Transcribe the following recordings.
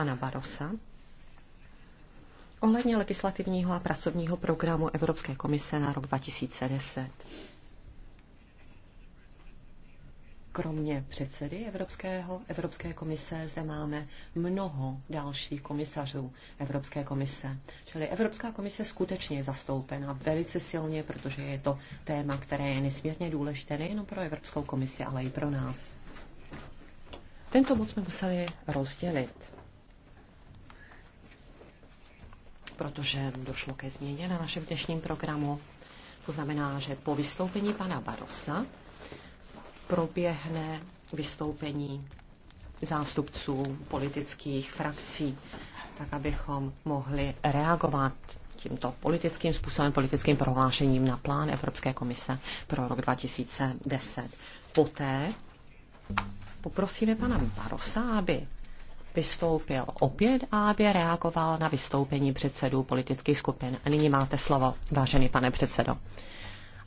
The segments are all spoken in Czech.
pana Barosa ohledně legislativního a pracovního programu Evropské komise na rok 2010. Kromě předsedy Evropského, Evropské komise zde máme mnoho dalších komisařů Evropské komise. Čili Evropská komise skutečně je zastoupena velice silně, protože je to téma, které je nesmírně důležité nejen pro Evropskou komisi, ale i pro nás. Tento bod jsme museli rozdělit. protože došlo ke změně na našem dnešním programu. To znamená, že po vystoupení pana Barosa proběhne vystoupení zástupců politických frakcí, tak abychom mohli reagovat tímto politickým způsobem, politickým prohlášením na plán Evropské komise pro rok 2010. Poté poprosíme pana Barosa, aby vystoupil opět a aby reagoval na vystoupení předsedů politických skupin. A nyní máte slovo, vážený pane předsedo.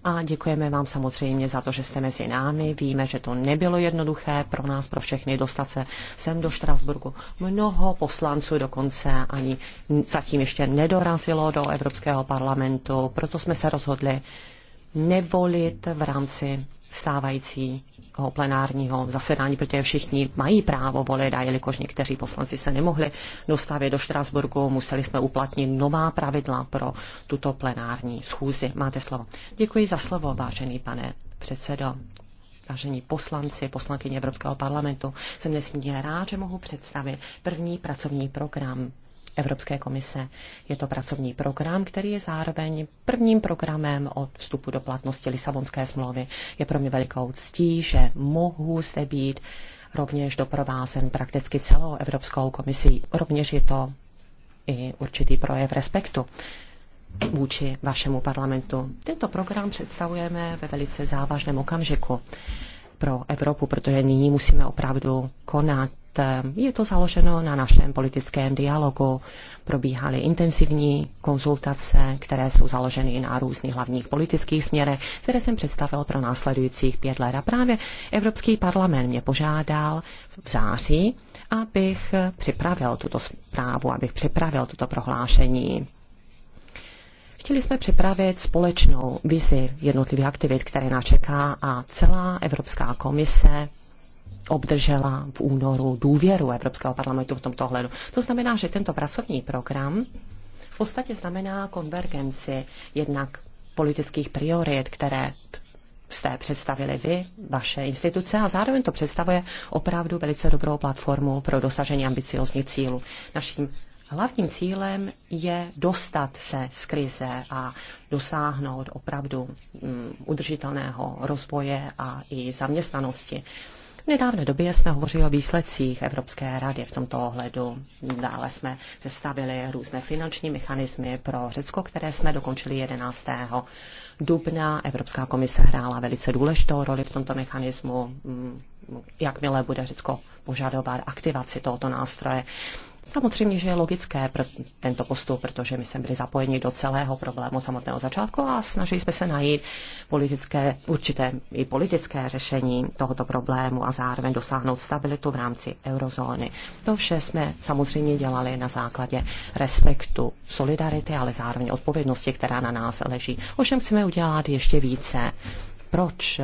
A děkujeme vám samozřejmě za to, že jste mezi námi. Víme, že to nebylo jednoduché pro nás, pro všechny dostat se sem do Štrasburgu. Mnoho poslanců dokonce ani zatím ještě nedorazilo do Evropského parlamentu, proto jsme se rozhodli nevolit v rámci stávajícího plenárního zasedání, protože všichni mají právo volit a jelikož někteří poslanci se nemohli dostavit do Štrasburgu, museli jsme uplatnit nová pravidla pro tuto plenární schůzi. Máte slovo. Děkuji za slovo, vážený pane předsedo. Vážení poslanci, poslankyně Evropského parlamentu, jsem nesmírně rád, že mohu představit první pracovní program Evropské komise. Je to pracovní program, který je zároveň prvním programem od vstupu do platnosti Lisabonské smlouvy. Je pro mě velikou ctí, že mohu zde být rovněž doprovázen prakticky celou Evropskou komisí. Rovněž je to i určitý projev respektu vůči vašemu parlamentu. Tento program představujeme ve velice závažném okamžiku pro Evropu, protože nyní musíme opravdu konat je to založeno na našem politickém dialogu. Probíhaly intenzivní konzultace, které jsou založeny na různých hlavních politických směrech, které jsem představil pro následujících pět let. A právě Evropský parlament mě požádal v září, abych připravil tuto zprávu, abych připravil toto prohlášení Chtěli jsme připravit společnou vizi jednotlivých aktivit, které nás čeká a celá Evropská komise obdržela v únoru důvěru Evropského parlamentu v tomto ohledu. To znamená, že tento pracovní program v podstatě znamená konvergenci jednak politických priorit, které jste představili vy, vaše instituce a zároveň to představuje opravdu velice dobrou platformu pro dosažení ambiciozních cílů. Naším hlavním cílem je dostat se z krize a dosáhnout opravdu um, udržitelného rozvoje a i zaměstnanosti. V nedávné době jsme hovořili o výsledcích Evropské rady v tomto ohledu. Dále jsme sestavili různé finanční mechanismy pro Řecko, které jsme dokončili 11. dubna. Evropská komise hrála velice důležitou roli v tomto mechanismu. Mm, jakmile bude Řecko požadovat aktivaci tohoto nástroje, Samozřejmě, že je logické pr- tento postup, protože my jsme byli zapojeni do celého problému samotného začátku a snažili jsme se najít politické, určité i politické řešení tohoto problému a zároveň dosáhnout stabilitu v rámci eurozóny. To vše jsme samozřejmě dělali na základě respektu, solidarity, ale zároveň odpovědnosti, která na nás leží. Ovšem chceme udělat ještě více proč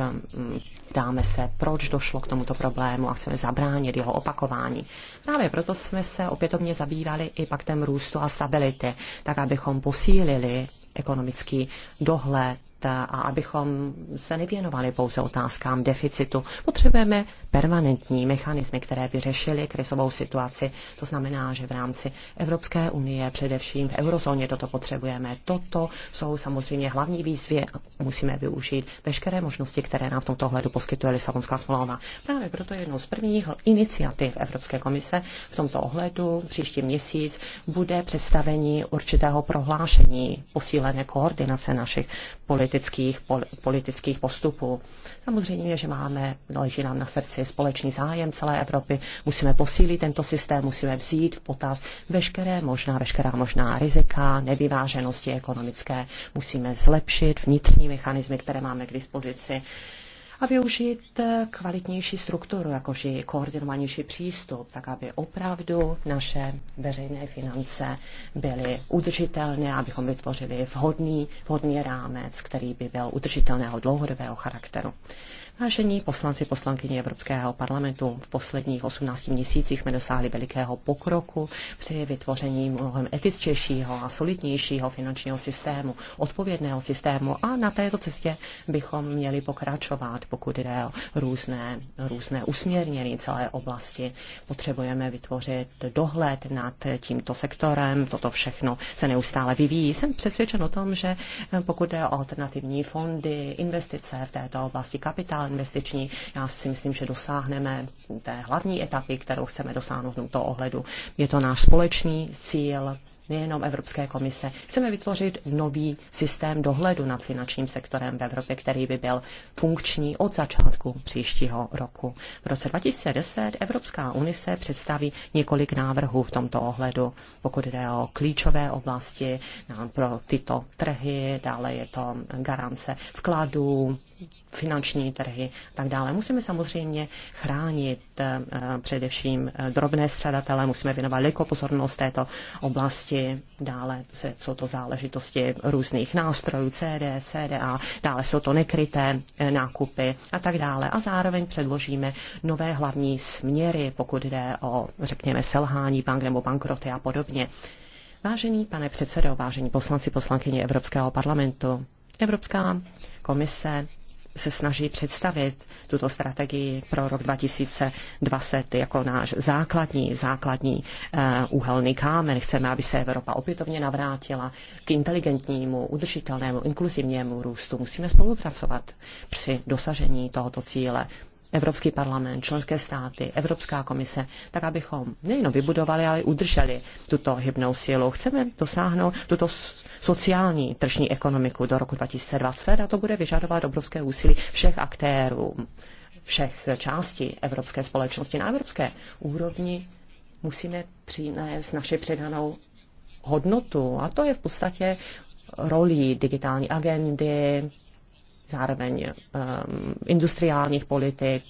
dáme um, se, proč došlo k tomuto problému a chceme zabránit jeho opakování. Právě proto jsme se opětovně zabývali i paktem růstu a stability, tak abychom posílili ekonomický dohled a abychom se nevěnovali pouze otázkám deficitu. Potřebujeme permanentní mechanismy, které by řešily krizovou situaci. To znamená, že v rámci Evropské unie, především v eurozóně, toto potřebujeme. Toto jsou samozřejmě hlavní výzvy a musíme využít veškeré možnosti, které nám v tomto ohledu poskytuje Lisabonská smlouva. Právě proto jednou z prvních iniciativ Evropské komise v tomto ohledu příští měsíc bude představení určitého prohlášení posílené koordinace našich politických, pol, politických postupů. Samozřejmě, že máme, leží nám na srdci je společný zájem celé Evropy. Musíme posílit tento systém, musíme vzít v potaz veškeré možná, veškerá možná rizika, nevyváženosti ekonomické. Musíme zlepšit vnitřní mechanismy, které máme k dispozici a využít kvalitnější strukturu, jakož i koordinovanější přístup, tak aby opravdu naše veřejné finance byly udržitelné, abychom vytvořili vhodný, vhodný rámec, který by byl udržitelného dlouhodobého charakteru. Vážení poslanci, poslankyně Evropského parlamentu, v posledních 18 měsících jsme dosáhli velikého pokroku při vytvoření mnohem etičtějšího a solidnějšího finančního systému, odpovědného systému a na této cestě bychom měli pokračovat, pokud jde o různé, různé usměrnění celé oblasti. Potřebujeme vytvořit dohled nad tímto sektorem, toto všechno se neustále vyvíjí. Jsem přesvědčen o tom, že pokud jde o alternativní fondy, investice v této oblasti kapitál, investiční. Já si myslím, že dosáhneme té hlavní etapy, kterou chceme dosáhnout v tomto ohledu. Je to náš společný cíl nejenom Evropské komise. Chceme vytvořit nový systém dohledu nad finančním sektorem v Evropě, který by byl funkční od začátku příštího roku. V roce 2010 Evropská unie představí několik návrhů v tomto ohledu, pokud jde o klíčové oblasti pro tyto trhy, dále je to garance vkladů, finanční trhy a tak dále. Musíme samozřejmě chránit eh, především eh, drobné střadatele, musíme věnovat velikou pozornost této oblasti. Dále jsou to záležitosti různých nástrojů, CD, CDA, dále jsou to nekryté eh, nákupy a tak dále. A zároveň předložíme nové hlavní směry, pokud jde o, řekněme, selhání bank nebo bankroty a podobně. Vážený pane předsedo, vážení poslanci, poslankyně Evropského parlamentu, Evropská komise se snaží představit tuto strategii pro rok 2020 jako náš základní, základní úhelný eh, kámen. Chceme, aby se Evropa opětovně navrátila k inteligentnímu, udržitelnému, inkluzivnímu růstu. Musíme spolupracovat při dosažení tohoto cíle. Evropský parlament, členské státy, Evropská komise, tak abychom nejenom vybudovali, ale i udrželi tuto hybnou sílu. Chceme dosáhnout tuto sociální tržní ekonomiku do roku 2020 a to bude vyžadovat obrovské úsilí všech aktérů, všech částí evropské společnosti. Na evropské úrovni musíme přinést naši předanou hodnotu a to je v podstatě rolí digitální agendy, zároveň um, industriálních politik,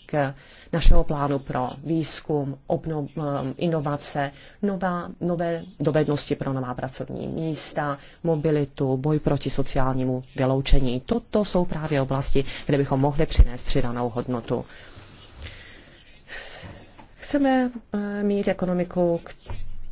našeho plánu pro výzkum, obnov, um, inovace, nová, nové dovednosti pro nová pracovní místa, mobilitu, boj proti sociálnímu vyloučení. Toto jsou právě oblasti, kde bychom mohli přinést přidanou hodnotu. Chceme uh, mít ekonomiku,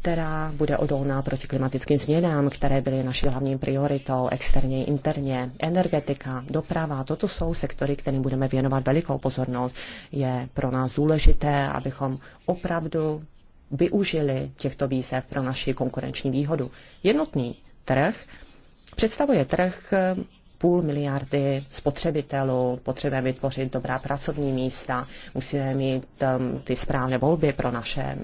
která bude odolná proti klimatickým změnám, které byly naší hlavní prioritou externě, interně, energetika, doprava. Toto jsou sektory, kterým budeme věnovat velikou pozornost. Je pro nás důležité, abychom opravdu využili těchto výzev pro naši konkurenční výhodu. Jednotný trh představuje trh, půl miliardy spotřebitelů, potřebujeme vytvořit dobrá pracovní místa, musíme mít um, ty správné volby pro naše,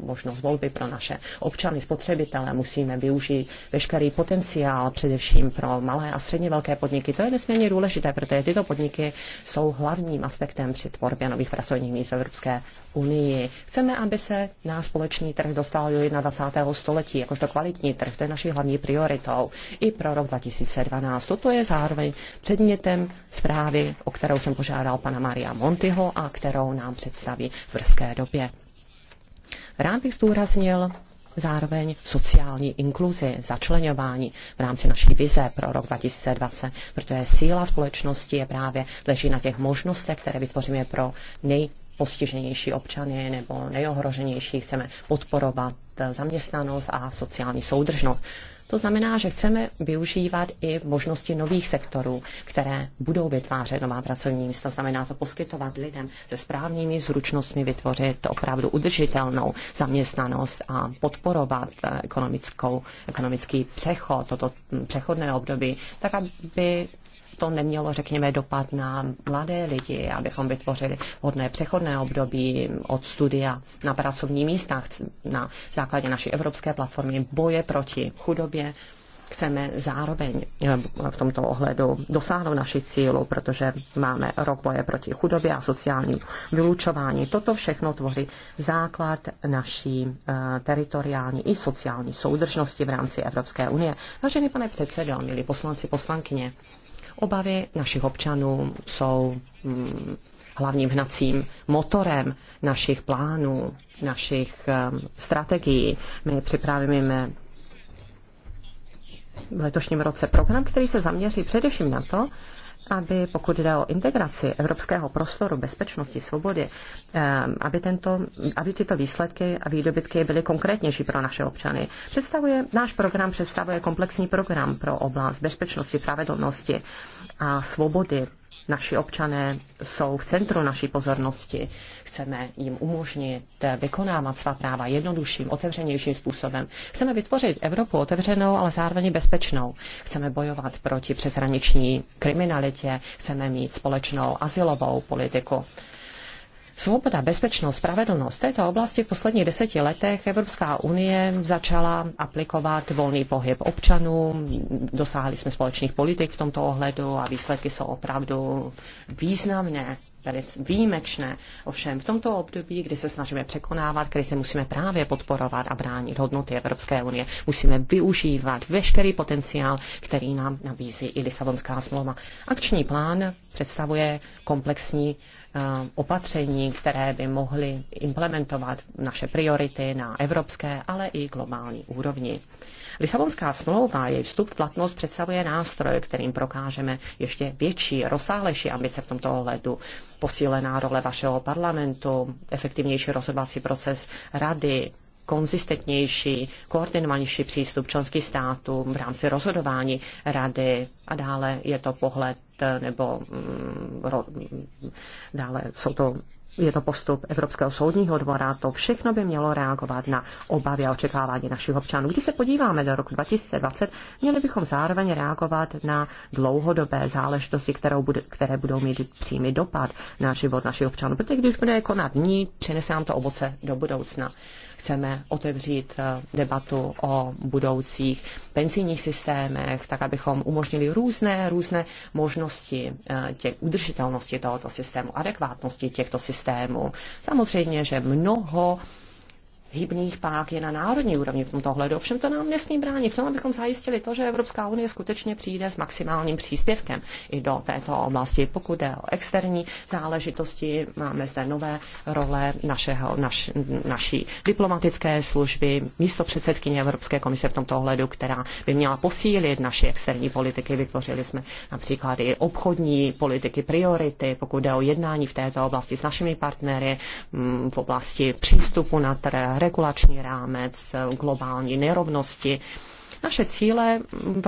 um, možnost volby pro naše občany, spotřebitele, musíme využít veškerý potenciál, především pro malé a středně velké podniky. To je nesmírně důležité, protože tyto podniky jsou hlavním aspektem při tvorbě nových pracovních míst v Evropské unii. Chceme, aby se náš společný trh dostal do 21. století, jakožto kvalitní trh, to je naší hlavní prioritou i pro rok 2012. Toto je zároveň předmětem zprávy, o kterou jsem požádal pana Maria Montiho a kterou nám představí v brzké době. Rád bych zdůraznil zároveň sociální inkluzi, začlenování v rámci naší vize pro rok 2020, protože síla společnosti je právě leží na těch možnostech, které vytvoříme pro nej postiženější občany nebo nejohroženější, chceme podporovat zaměstnanost a sociální soudržnost. To znamená, že chceme využívat i možnosti nových sektorů, které budou vytvářet nová pracovní místa. Znamená to poskytovat lidem se správnými zručnostmi vytvořit opravdu udržitelnou zaměstnanost a podporovat ekonomickou, ekonomický přechod, toto přechodné období, tak aby to nemělo, řekněme, dopad na mladé lidi, abychom vytvořili hodné přechodné období od studia na pracovní místa na základě naší evropské platformy boje proti chudobě, chceme zároveň eh, v tomto ohledu dosáhnout naši cílu, protože máme rok boje proti chudobě a sociálním vylučování. Toto všechno tvoří základ naší eh, teritoriální i sociální soudržnosti v rámci Evropské unie. Vážený pane předsedo, milí poslanci, poslankyně, Obavy našich občanů jsou hm, hlavním hnacím motorem našich plánů, našich um, strategií. My připravíme v letošním roce program, který se zaměří především na to, aby pokud jde o integraci evropského prostoru bezpečnosti, svobody, ehm, aby, tento, aby tyto výsledky a výdobytky byly konkrétnější pro naše občany. Představuje, náš program představuje komplexní program pro oblast bezpečnosti, pravedlnosti a svobody naši občané jsou v centru naší pozornosti. Chceme jim umožnit vykonávat svá práva jednodušším, otevřenějším způsobem. Chceme vytvořit Evropu otevřenou, ale zároveň bezpečnou. Chceme bojovat proti přeshraniční kriminalitě, chceme mít společnou asilovou politiku. Svoboda, bezpečnost, spravedlnost. V této oblasti v posledních deseti letech Evropská unie začala aplikovat volný pohyb občanů, dosáhli jsme společných politik v tomto ohledu a výsledky jsou opravdu významné velice výjimečné. Ovšem v tomto období, kdy se snažíme překonávat se musíme právě podporovat a bránit hodnoty Evropské unie. Musíme využívat veškerý potenciál, který nám nabízí i Lisabonská smlouva. Akční plán představuje komplexní Eh, opatření, které by mohly implementovat naše priority na evropské, ale i globální úrovni. Lisabonská smlouva, její vstup v platnost představuje nástroj, kterým prokážeme ještě větší, rozsáhlejší ambice v tomto ohledu. Posílená role vašeho parlamentu, efektivnější rozhodovací proces rady, konzistentnější, koordinovanější přístup členských států v rámci rozhodování rady a dále je to pohled eh, nebo mm, ro, mm, dále jsou to je to postup Evropského soudního dvora, to všechno by mělo reagovat na obavy a očekávání našich občanů. Když se podíváme do roku 2020, měli bychom zároveň reagovat na dlouhodobé záležitosti, kterou bude, které budou mít přímý dopad na život našich občanů, protože když bude konat ní, přinese nám to ovoce do budoucna chceme otevřít eh, debatu o budoucích penzijních systémech, tak abychom umožnili různé, různé možnosti eh, těch udržitelnosti tohoto systému, adekvátnosti těchto systémů. Samozřejmě, že mnoho hybných pák je na národní úrovni v tomto ohledu. Ovšem to nám nesmí bránit v tom, abychom zajistili to, že Evropská unie skutečně přijde s maximálním příspěvkem i do této oblasti. Pokud je o externí záležitosti, máme zde nové role našeho, naš, naší diplomatické služby, místo předsedkyně Evropské komise v tomto ohledu, která by měla posílit naši externí politiky. Vytvořili jsme například i obchodní politiky, priority, pokud je o jednání v této oblasti s našimi partnery, mm, v oblasti přístupu na trh, regulační rámec, globální nerovnosti. Naše cíle v,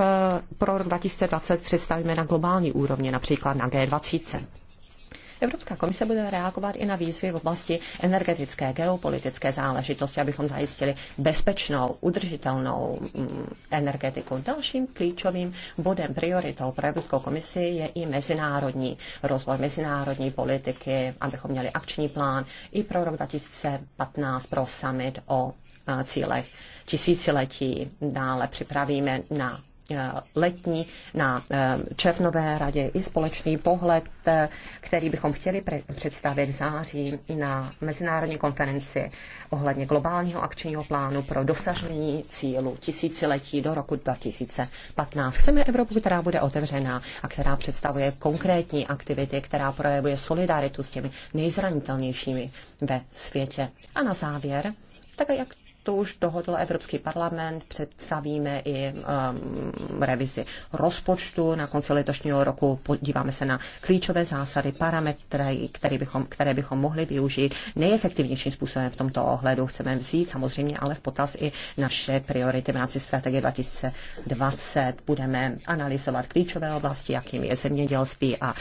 pro rok 2020 představíme na globální úrovni, například na G20. Evropská komise bude reagovat i na výzvy v oblasti energetické, geopolitické záležitosti, abychom zajistili bezpečnou, udržitelnou mm, energetiku. Dalším klíčovým bodem, prioritou pro Evropskou komisi je i mezinárodní rozvoj mezinárodní politiky, abychom měli akční plán i pro rok 2015 pro summit o e, cílech tisíciletí. Dále připravíme na Eh, letní, na eh, červnové radě i společný pohled, eh, který bychom chtěli představit v září i na mezinárodní konferenci ohledně globálního akčního plánu pro dosažení cílu tisíciletí do roku 2015. Chceme Evropu, která bude otevřená a která představuje konkrétní aktivity, která projevuje solidaritu s těmi nejzranitelnějšími ve světě. A na závěr, tak jak to už dohodl Evropský parlament, představíme i um, revizi rozpočtu na konci letošního roku, podíváme se na klíčové zásady, parametry, které bychom, které bychom mohli využít nejefektivnějším způsobem v tomto ohledu. Chceme vzít samozřejmě ale v potaz i naše priority v rámci strategie 2020. Budeme analyzovat klíčové oblasti, jakým je zemědělství a,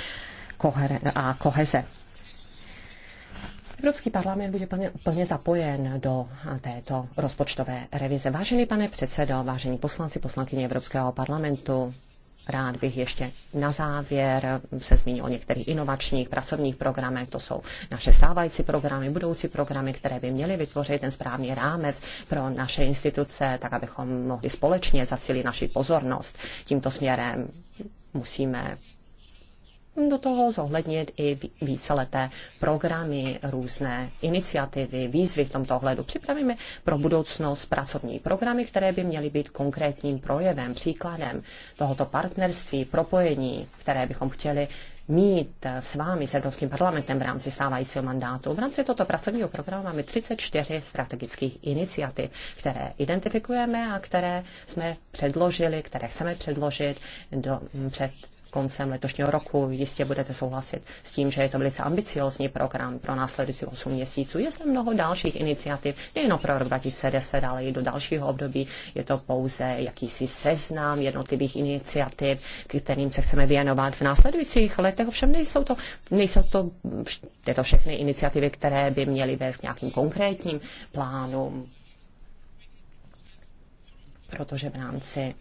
koher- a koheze. Evropský parlament bude plně, plně zapojen do této rozpočtové revize. Vážený pane předsedo, vážení poslanci, poslankyně Evropského parlamentu, rád bych ještě na závěr se zmínil o některých inovačních pracovních programech. To jsou naše stávající programy, budoucí programy, které by měly vytvořit ten správný rámec pro naše instituce, tak abychom mohli společně zacílit naši pozornost tímto směrem musíme do toho zohlednit i víceleté programy, různé iniciativy, výzvy v tomto ohledu. Připravíme pro budoucnost pracovní programy, které by měly být konkrétním projevem, příkladem tohoto partnerství, propojení, které bychom chtěli mít s vámi, s Evropským parlamentem v rámci stávajícího mandátu. V rámci tohoto pracovního programu máme 34 strategických iniciativ, které identifikujeme a které jsme předložili, které chceme předložit do, před koncem letošního roku. Jistě budete souhlasit s tím, že je to velice ambiciózní program pro následující 8 měsíců. Je zde mnoho dalších iniciativ, nejen pro rok 2010, ale i do dalšího období. Je to pouze jakýsi seznam jednotlivých iniciativ, kterým se chceme věnovat v následujících letech. Ovšem nejsou to, nejsou to tyto všechny iniciativy, které by měly vést k nějakým konkrétním plánům, protože v rámci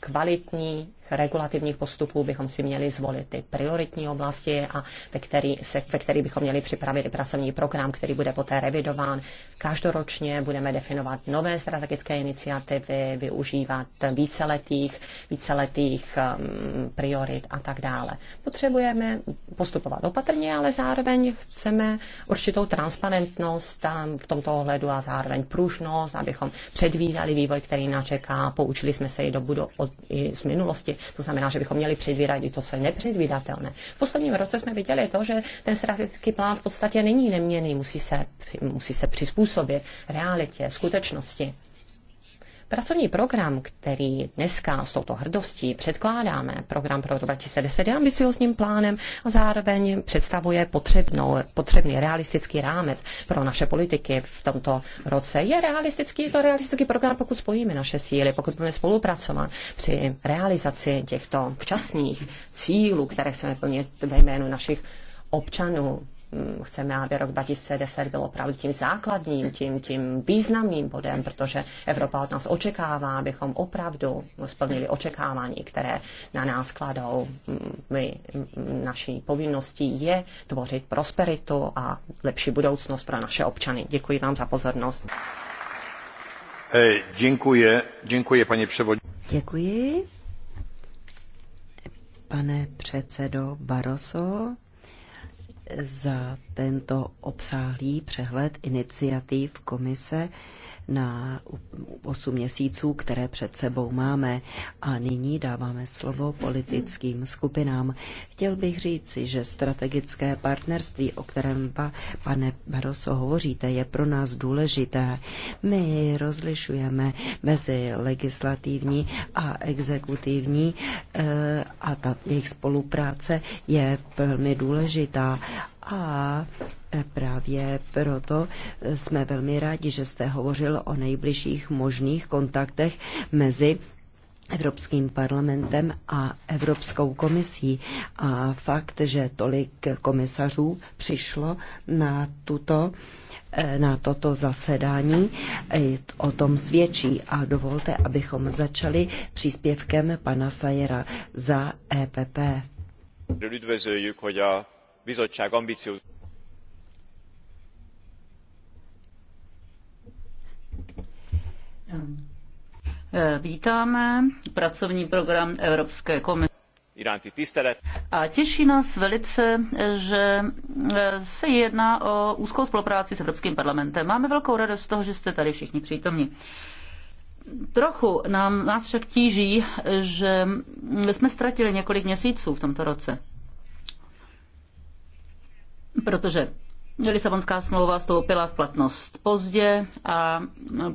kvalitních regulativních postupů bychom si měli zvolit ty prioritní oblasti, a ve, který se, ve který bychom měli připravit pracovní program, který bude poté revidován. Každoročně budeme definovat nové strategické iniciativy, využívat víceletých, víceletých um, priorit a tak dále. Potřebujeme postupovat opatrně, ale zároveň chceme určitou transparentnost um, v tomto ohledu a zároveň pružnost, abychom předvídali vývoj, který nás čeká, poučili jsme se i do budu- i z minulosti. To znamená, že bychom měli předvídat i to, co je nepředvídatelné. V posledním roce jsme viděli to, že ten strategický plán v podstatě není neměný, musí se, musí se přizpůsobit realitě, skutečnosti. Pracovní program, který dneska s touto hrdostí předkládáme, program pro 2010 je ambiciozním plánem a zároveň představuje potřebnou, potřebný realistický rámec pro naše politiky v tomto roce. Je realistický, je to realistický program, pokud spojíme naše síly, pokud budeme spolupracovat při realizaci těchto včasných cílů, které chceme plnit ve jménu našich občanů, chceme, aby rok 2010 byl opravdu tím základním, tím, tím významným bodem, protože Evropa od nás očekává, abychom opravdu splnili očekávání, které na nás kladou. My, naší povinností je tvořit prosperitu a lepší budoucnost pro naše občany. Děkuji vám za pozornost. Eh, děkuji, děkuji, paní převodní. Děkuji. Pane předsedo Baroso, za tento obsáhlý přehled iniciativ komise na 8 měsíců, které před sebou máme. A nyní dáváme slovo politickým skupinám. Chtěl bych říci, že strategické partnerství, o kterém, pa, pane Baroso, hovoříte, je pro nás důležité. My rozlišujeme mezi legislativní a exekutivní eh, a ta jejich spolupráce je velmi důležitá a e, právě proto jsme velmi rádi, že jste hovořil o nejbližších možných kontaktech mezi Evropským parlamentem a Evropskou komisí. A fakt, že tolik komisařů přišlo na tuto e, na toto zasedání o tom svědčí a dovolte, abychom začali příspěvkem pana Sajera za EPP bizottság ambiciózus. E, vítáme pracovní program Evropské komise iránti tisztelet. A těší nás velice, že e, se jedná o úzkou spolupráci s Evropským parlamentem. Máme velkou radost z toho, že jste tady všichni přítomní. Trochu nám, nás však tíží, že jsme ztratili několik měsíců v tomto roce protože Lisabonská smlouva vstoupila v platnost pozdě a no,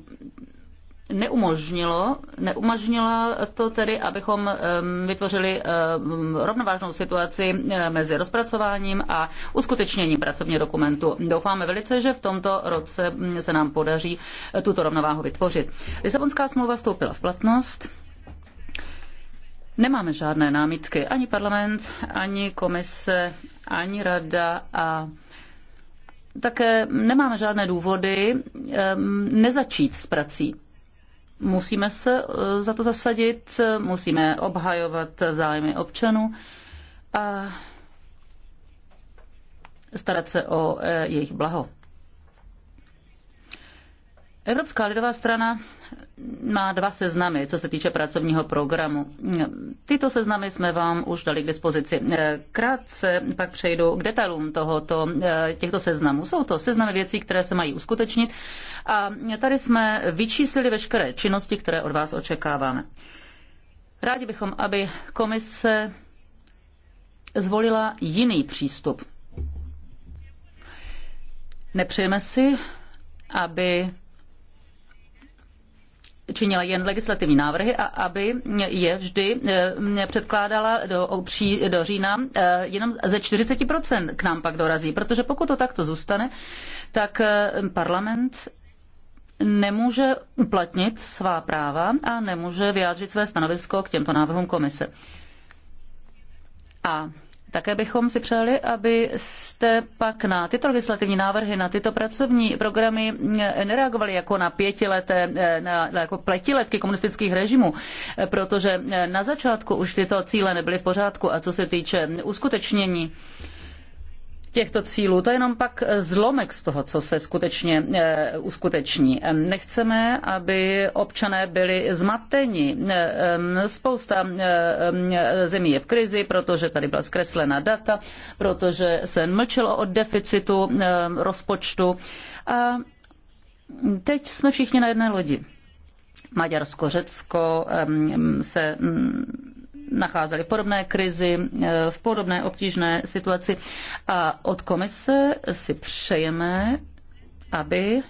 neumožnilo, neumožnilo to tedy, abychom vytvořili rovnovážnou situaci mezi rozpracováním a uskutečněním pracovního dokumentu. Doufáme velice, že v tomto roce se nám podaří e, tuto rovnováhu vytvořit. Lisabonská smlouva vstoupila v platnost Nemáme žádné námitky. Ani parlament, ani komise, ani rada a také nemáme žádné důvody ehm, nezačít s prací. Musíme se eh, za to zasadit, musíme obhajovat zájmy občanů a starat se o eh, jejich blaho. Evropská lidová strana má dva seznamy, co se týče pracovního programu. Tyto seznamy jsme vám už dali k dispozici. Krátce pak přejdu k detailům tohoto, těchto seznamů. Jsou to seznamy věcí, které se mají uskutečnit a tady jsme vyčíslili veškeré činnosti, které od vás očekáváme. Rádi bychom, aby komise zvolila jiný přístup. Nepřejeme si, aby činila jen legislativní návrhy a aby je vždy eh, předkládala do, pří, do října eh, jenom ze 40% k nám pak dorazí, protože pokud to takto zůstane, tak eh, parlament nemůže uplatnit svá práva a nemůže vyjádřit své stanovisko k těmto návrhům komise. A také bychom si přáli, abyste pak na tyto legislativní návrhy, na tyto pracovní programy eh, nereagovali jako na pětileté, eh, na, jako pletiletky komunistických režimů, eh, protože na začátku už tyto cíle nebyly v pořádku a co se týče mm, uskutečnění, těchto cílů. To je jenom pak eh, zlomek z toho, co se skutečně eh, uskuteční. Nechceme, aby občané byli zmateni. Spousta zemí je v krizi, protože tady byla zkreslena data, protože se mlčelo o deficitu rozpočtu. A teď jsme všichni na jedné lodi. Maďarsko, Řecko se nacházeli v podobné krizi, eh, v podobné obtížné situaci. A od komise si přejeme, aby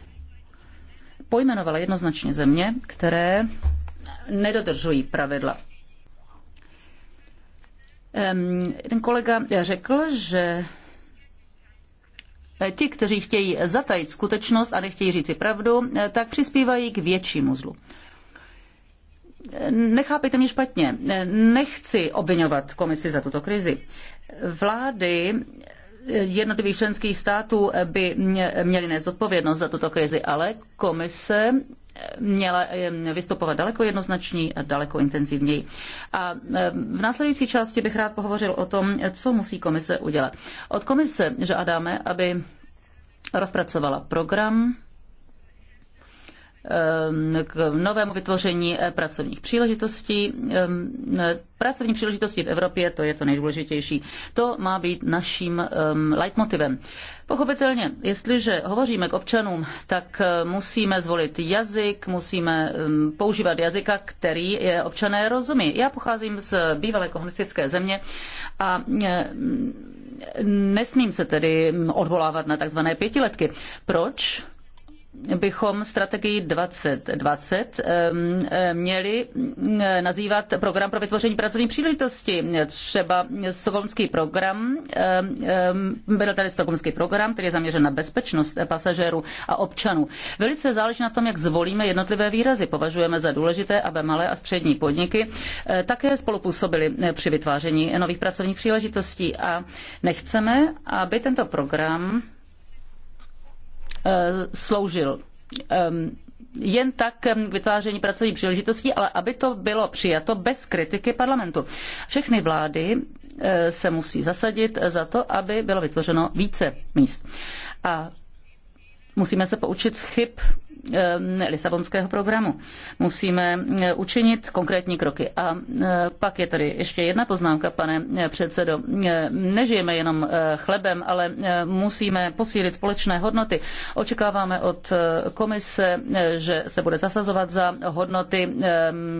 pojmenovala jednoznačně země, které nedodržují pravidla. Jeden kolega řekl, že eh, ti, kteří chtějí zatajit skutečnost a nechtějí říci pravdu, eh, tak přispívají k většímu zlu nechápejte mě špatně, nechci obvinovat komisi za tuto krizi. Vlády jednotlivých členských států by měly nést odpovědnost za tuto krizi, ale komise měla vystupovat daleko jednoznačněji a daleko intenzivněji. A e, v následující části bych rád pohovořil o tom, co musí komise udělat. Od komise žádáme, aby rozpracovala program Ehm, k novému vytvoření eh, pracovních příležitostí. Ehm, eh, pracovní příležitosti v Evropě, to je to nejdůležitější. To má být naším ehm, leitmotivem. Pochopitelně, jestliže hovoříme k občanům, tak eh, musíme zvolit jazyk, musíme používat jazyka, který je občané rozumí. Já pocházím z bývalé komunistické země a nesmím se tedy odvolávat na takzvané pětiletky. Proč? bychom strategii 2020 měli nazývat program pro vytvoření pracovní příležitosti. Třeba stokholmský program, byl tady stokholmský program, který je zaměřen na bezpečnost pasažérů a občanů. Velice záleží na tom, jak zvolíme jednotlivé výrazy. Považujeme za důležité, aby malé a střední podniky eh, také spolupůsobily eh, při vytváření nových pracovních příležitostí a nechceme, aby tento program Eh, sloužil jen tak k vytváření pracovní příležitostí, ale aby to bylo přijato bez kritiky parlamentu. Všechny vlády eh, se musí zasadit za to, aby bylo vytvořeno více míst. A musíme se poučit z chyb Eh, Lisabonského programu. Musíme eh, učinit konkrétní kroky. A eh, pak je tady ještě jedna poznámka, pane předsedo. Nežijeme jenom chlebem, ale musíme posílit společné hodnoty. Očekáváme od komise, že se bude zasazovat za hodnoty,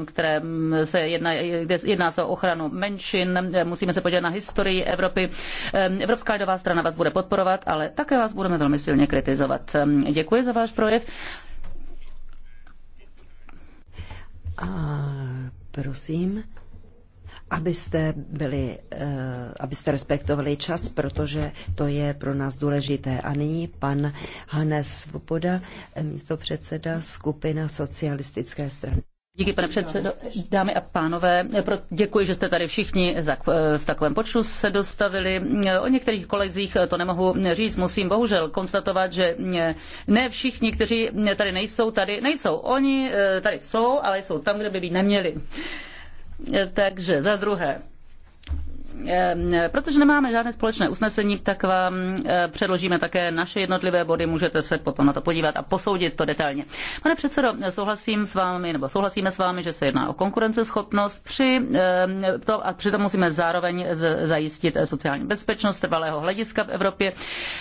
které se jedná, kde jedná se o ochranu menšin. Musíme se podívat na historii Evropy. Evropská lidová strana vás bude podporovat, ale také vás budeme velmi silně kritizovat. Děkuji za váš projev. A prosím, abyste, byli, eh, abyste respektovali čas, protože to je pro nás důležité. A nyní pan Hanes Svoboda, místo předseda skupina socialistické strany. Díky, pane předsedo. Dámy a pánové, děkuji, že jste tady všichni v takovém počtu se dostavili. O některých kolezích to nemohu říct, musím bohužel konstatovat, že ne všichni, kteří tady nejsou, tady nejsou. Oni eh, tady jsou, ale jsou tam, kde by být neměli. Eh, takže za druhé, Ehm, protože nemáme žádné společné usnesení, tak vám eh, předložíme také naše jednotlivé body, můžete se potom na to podívat a posoudit to detailně. Pane předsedo, souhlasím s vámi, nebo souhlasíme s vámi, že se jedná o konkurenceschopnost při ehm, to, a přitom musíme zároveň zajistit sociální bezpečnost trvalého hlediska v Evropě.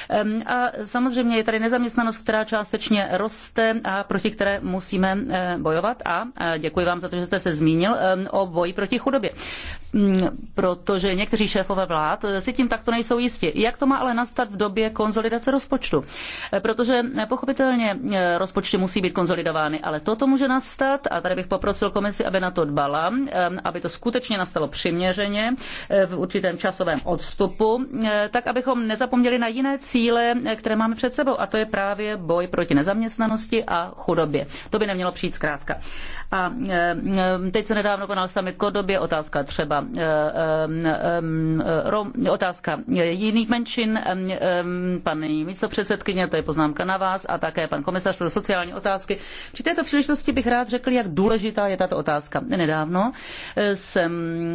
Ehm, a samozřejmě je tady nezaměstnanost, která částečně roste a proti které musíme eh, bojovat. A děkuji vám za to, že jste se zmínil o boji proti chudobě. Mm, protože někteří šéfové vlád eh, si tím takto nejsou jisti. Jak to má ale nastat v době konzolidace rozpočtu? Eh, protože eh, pochopitelně rozpočty musí být konzolidovány, ale toto může nastat a tady bych poprosil komisi, aby na to dbala, aby to skutečně nastalo přiměřeně v určitém časovém odstupu, tak abychom nezapomněli na jiné cíle, které máme před sebou a to je právě boj proti nezaměstnanosti a chudobě. To by nemělo přijít zkrátka. A teď se nedávno konal summit v Kodobě, otázka třeba Ehm, ehm, otázka jiných menšin, ehm, paní místopředsedkyně, to je poznámka na vás, a také pan komisař pro sociální otázky. Při této příležitosti bych rád řekl, jak důležitá je tato otázka. Nedávno eh, jsem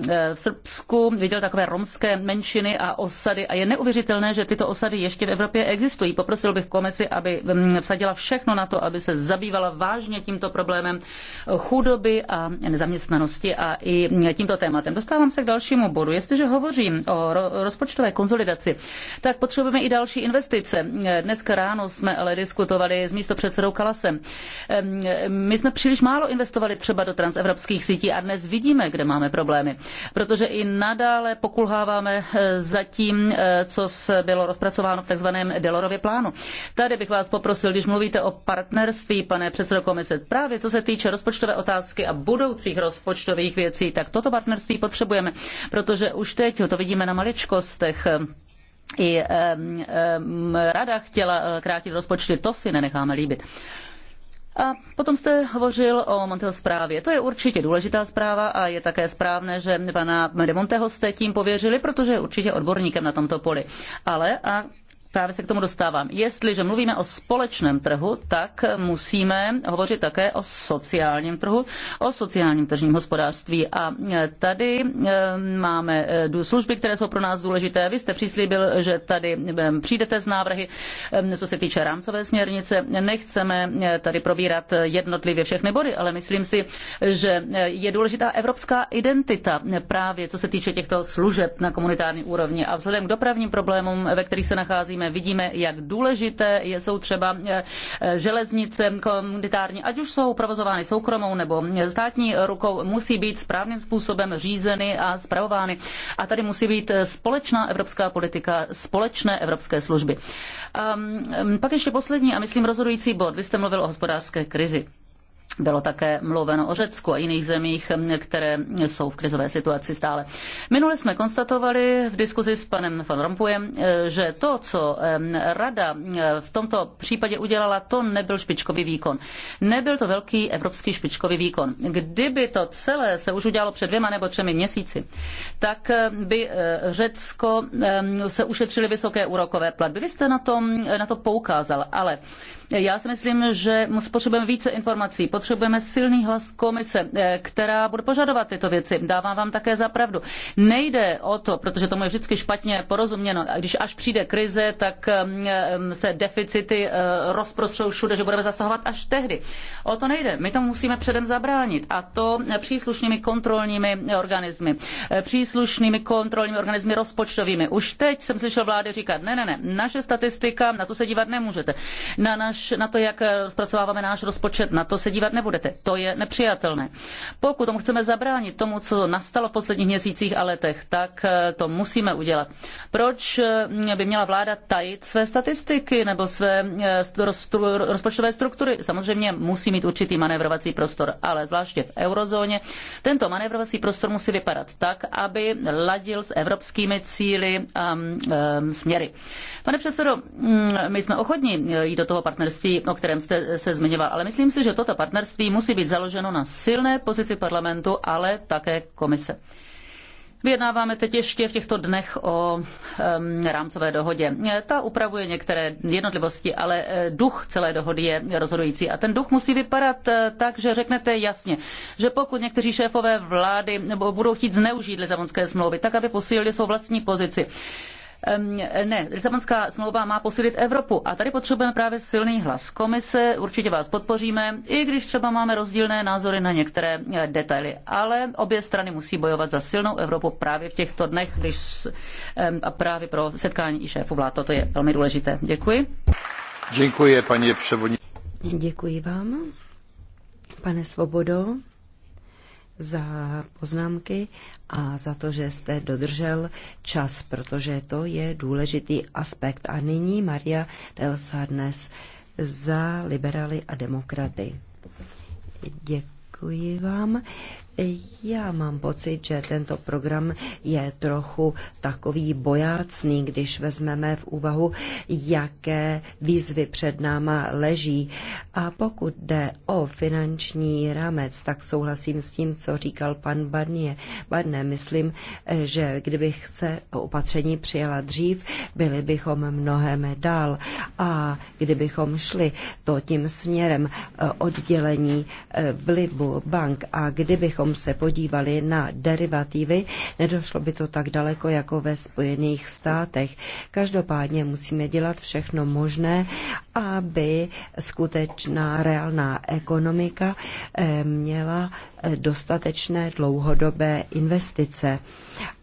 eh, v Srbsku viděl takové romské menšiny a osady a je neuvěřitelné, že tyto osady ještě v Evropě existují. Poprosil bych komisi, aby mm, vsadila všechno na to, aby se zabývala vážně tímto problémem chudoby a nezaměstnanosti a i tímto tématem. Dostávám se k dalšímu bodu. Jestliže hovořím o rozpočtové konsolidaci, tak potřebujeme i další investice. Dneska ráno jsme ale diskutovali s místopředsedou Kalasem. My jsme příliš málo investovali třeba do transevropských sítí a dnes vidíme, kde máme problémy, protože i nadále pokulháváme eh, za tím, eh, co bylo rozpracováno v tzv. Delorově plánu. Tady bych vás poprosil, když mluvíte o partnerství, pane předsedo komise, právě co se týče rozpočtové otázky a budoucích rozpočtových věcí, tak toto partnerství potřebujeme, protože už teď, no to vidíme na maličkostech, i um, um, rada chtěla eh, krátit rozpočty, to si nenecháme líbit. A potom jste hovořil o Monteho zprávě. To je určitě důležitá zpráva a je také správné, že pana de Monteho jste tím pověřili, protože je určitě odborníkem na tomto poli. Ale a Právě se k tomu dostávám. Jestliže mluvíme o společném trhu, tak musíme hovořit také o sociálním trhu, o sociálním tržním hospodářství. A tady eh, máme eh, služby, které jsou pro nás důležité. Vy jste přislíbil, že tady eh, přijdete s návrhy, co se týče rámcové směrnice. Nechceme tady probírat jednotlivě všechny body, ale myslím si, že je důležitá evropská identita právě co se týče těchto služeb na komunitární úrovni. A vzhledem k dopravním problémům, ve kterých se nacházíme, vidíme, jak důležité jsou třeba eh, eh, železnice komunitární, ať už jsou provozovány soukromou nebo státní rukou, musí být správným způsobem řízeny a spravovány. A tady musí být eh, společná evropská politika, společné evropské služby. Ehm, pak ještě poslední a myslím rozhodující bod. Vy jste mluvil o hospodářské krizi. Bylo také mluveno o Řecku a jiných zemích, které jsou v krizové situaci stále. Minule jsme konstatovali v diskuzi s panem Van Rompuyem, že to, co rada eh, v tomto případě udělala, to nebyl špičkový výkon. Nebyl to velký evropský špičkový výkon. Kdyby to celé se už udělalo před dvěma nebo třemi měsíci, tak eh, by eh, Řecko se ušetřili vysoké úrokové platby. Vy jste na, tom, na to poukázal, ale já si myslím, že potřebujeme více informací, potřebujeme silný hlas komise, eh, která bude požadovat tyto věci. Dávám vám také za pravdu. Nejde o to, protože tomu je vždycky špatně porozuměno, když až přijde krize, tak ehm, ehm, se deficity eh, rozprostřou všude, že budeme zasahovat až tehdy. O to nejde. My tomu musíme předem zabránit a to příslušnými kontrolními organismy, eh, příslušnými kontrolními organismy rozpočtovými. Už teď jsem slyšel vlády říkat, ne, ne, ne, naše statistika, na to se dívat nemůžete. Na naš náš, na to, jak eh, zpracováváme náš rozpočet, na to se dívat nebudete. To je nepřijatelné. Pokud tomu chceme zabránit tomu, co nastalo v posledních měsících a letech, tak eh, to musíme udělat. Proč eh, by měla vláda tajit své statistiky nebo své rozpočtové struktury? Samozřejmě musí mít určitý manévrovací prostor, ale zvláště v eurozóně tento manévrovací prostor musí vypadat tak, aby ladil s evropskými cíli a směry. Pane předsedo, mm, my jsme ochotní jít do toho partnerství partnerství, o kterém jste se zmiňoval. Ale myslím si, že toto partnerství musí být založeno na silné pozici parlamentu, ale také komise. Vyjednáváme teď ještě v těchto dnech o um, rámcové dohodě. Ta upravuje některé jednotlivosti, ale eh, duch celé dohody je rozhodující. A ten duch musí vypadat eh, tak, že řeknete jasně, že pokud někteří šéfové vlády budou chtít zneužít Lizabonské smlouvy, tak aby posílili svou vlastní pozici, ne, Lisabonská smlouva má posílit Evropu a tady potřebujeme právě silný hlas komise, určitě vás podpoříme, i když třeba máme rozdílné názory na některé eh, detaily, ale obě strany musí bojovat za silnou Evropu právě v těchto dnech, když a právě pro setkání i šéfu vlád, toto je velmi důležité. Děkuji. Děkuji, paní převodní. Děkuji vám, pane Svobodo za poznámky a za to, že jste dodržel čas, protože to je důležitý aspekt. A nyní Maria Del Sarnes, za liberály a demokraty. Děkuji vám. Já mám pocit, že tento program je trochu takový bojácný, když vezmeme v úvahu, jaké výzvy před náma leží. A pokud jde o finanční rámec, tak souhlasím s tím, co říkal pan Barnier. Barnier, myslím, že kdybych se opatření přijela dřív, byli bychom mnohem dál. A kdybychom šli to tím směrem eh, oddělení eh, vlivu bank a kdybychom bychom se podívali na derivativy, nedošlo by to tak daleko jako ve Spojených státech. Každopádně musíme dělat všechno možné, aby skutečná reálná ekonomika eh, měla eh, dostatečné dlouhodobé investice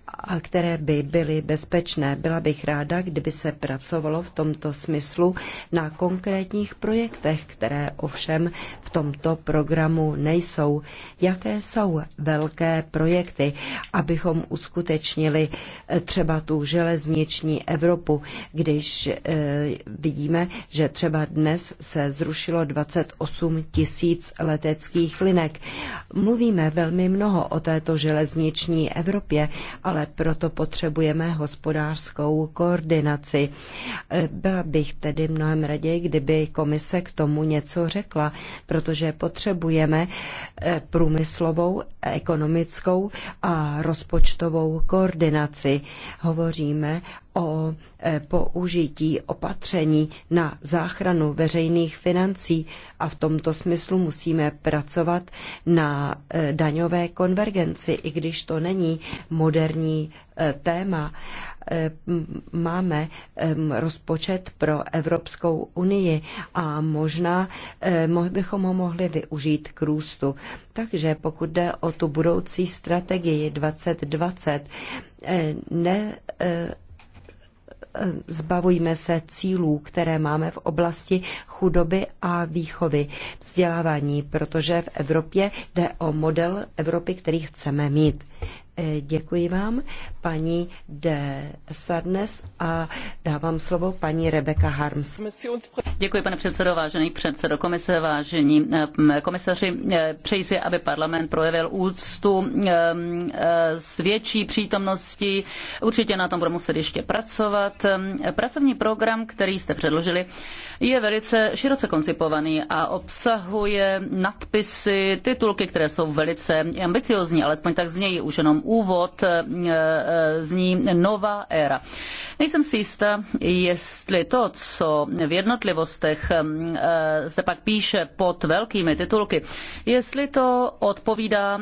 a které by byly bezpečné. Byla bych ráda, kdyby se pracovalo v tomto smyslu na konkrétních projektech, které ovšem v tomto programu nejsou. Jaké jsou velké projekty, abychom uskutečnili eh, třeba tu železniční Evropu, když eh, vidíme, že třeba dnes se zrušilo 28 tisíc leteckých linek. Mluvíme velmi mnoho o této železniční Evropě, ale ale proto potřebujeme hospodářskou koordinaci. E, byla bych tedy mnohem raději, kdyby komise k tomu něco řekla, protože potřebujeme e, průmyslovou, ekonomickou a rozpočtovou koordinaci. Hovoříme o e, použití opatření na záchranu veřejných financí a v tomto smyslu musíme pracovat na e, daňové konvergenci, i když to není moderní e, téma. Máme rozpočet pro Evropskou unii a možná bychom ho mohli využít k růstu. Takže pokud jde o tu budoucí strategii 2020, ne zbavujme se cílů, které máme v oblasti chudoby a výchovy vzdělávání, protože v Evropě jde o model Evropy, který chceme mít. Eh, děkuji vám, paní de Sarnes a dávám slovo paní Rebeka Harms. Děkuji, pane předsedo, vážený předsedo komise, vážení eh, komisaři. Eh, přeji si, aby parlament projevil úctu s větší přítomností. Určitě na tom budeme muset ještě pracovat. Pracovní program, který jste předložili, je velice široce koncipovaný a obsahuje nadpisy, titulky, které jsou velice ambiciozní, alespoň tak znějí už jenom úvod eh, eh, zní nová éra. Nejsem si jistá, jestli to, co v jednotlivostech eh, se pak píše pod velkými titulky, jestli to odpovídá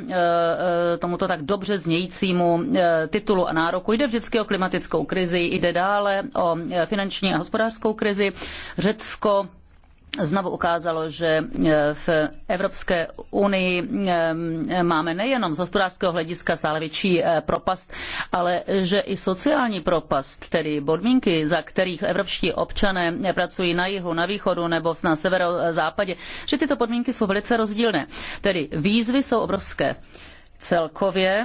tomuto tak dobře znějícímu titulu a nároku. Jde vždycky o klimatickou krizi, jde dále o finanční a hospodářskou krizi. Řecko znovu ukázalo, že e, v Evropské unii e, máme nejenom z hospodářského hlediska stále větší e, propast, ale že i sociální propast, tedy podmínky, za kterých evropští občané pracují na jihu, na východu nebo na severozápadě, že tyto podmínky jsou velice rozdílné. Tedy výzvy jsou obrovské. Celkově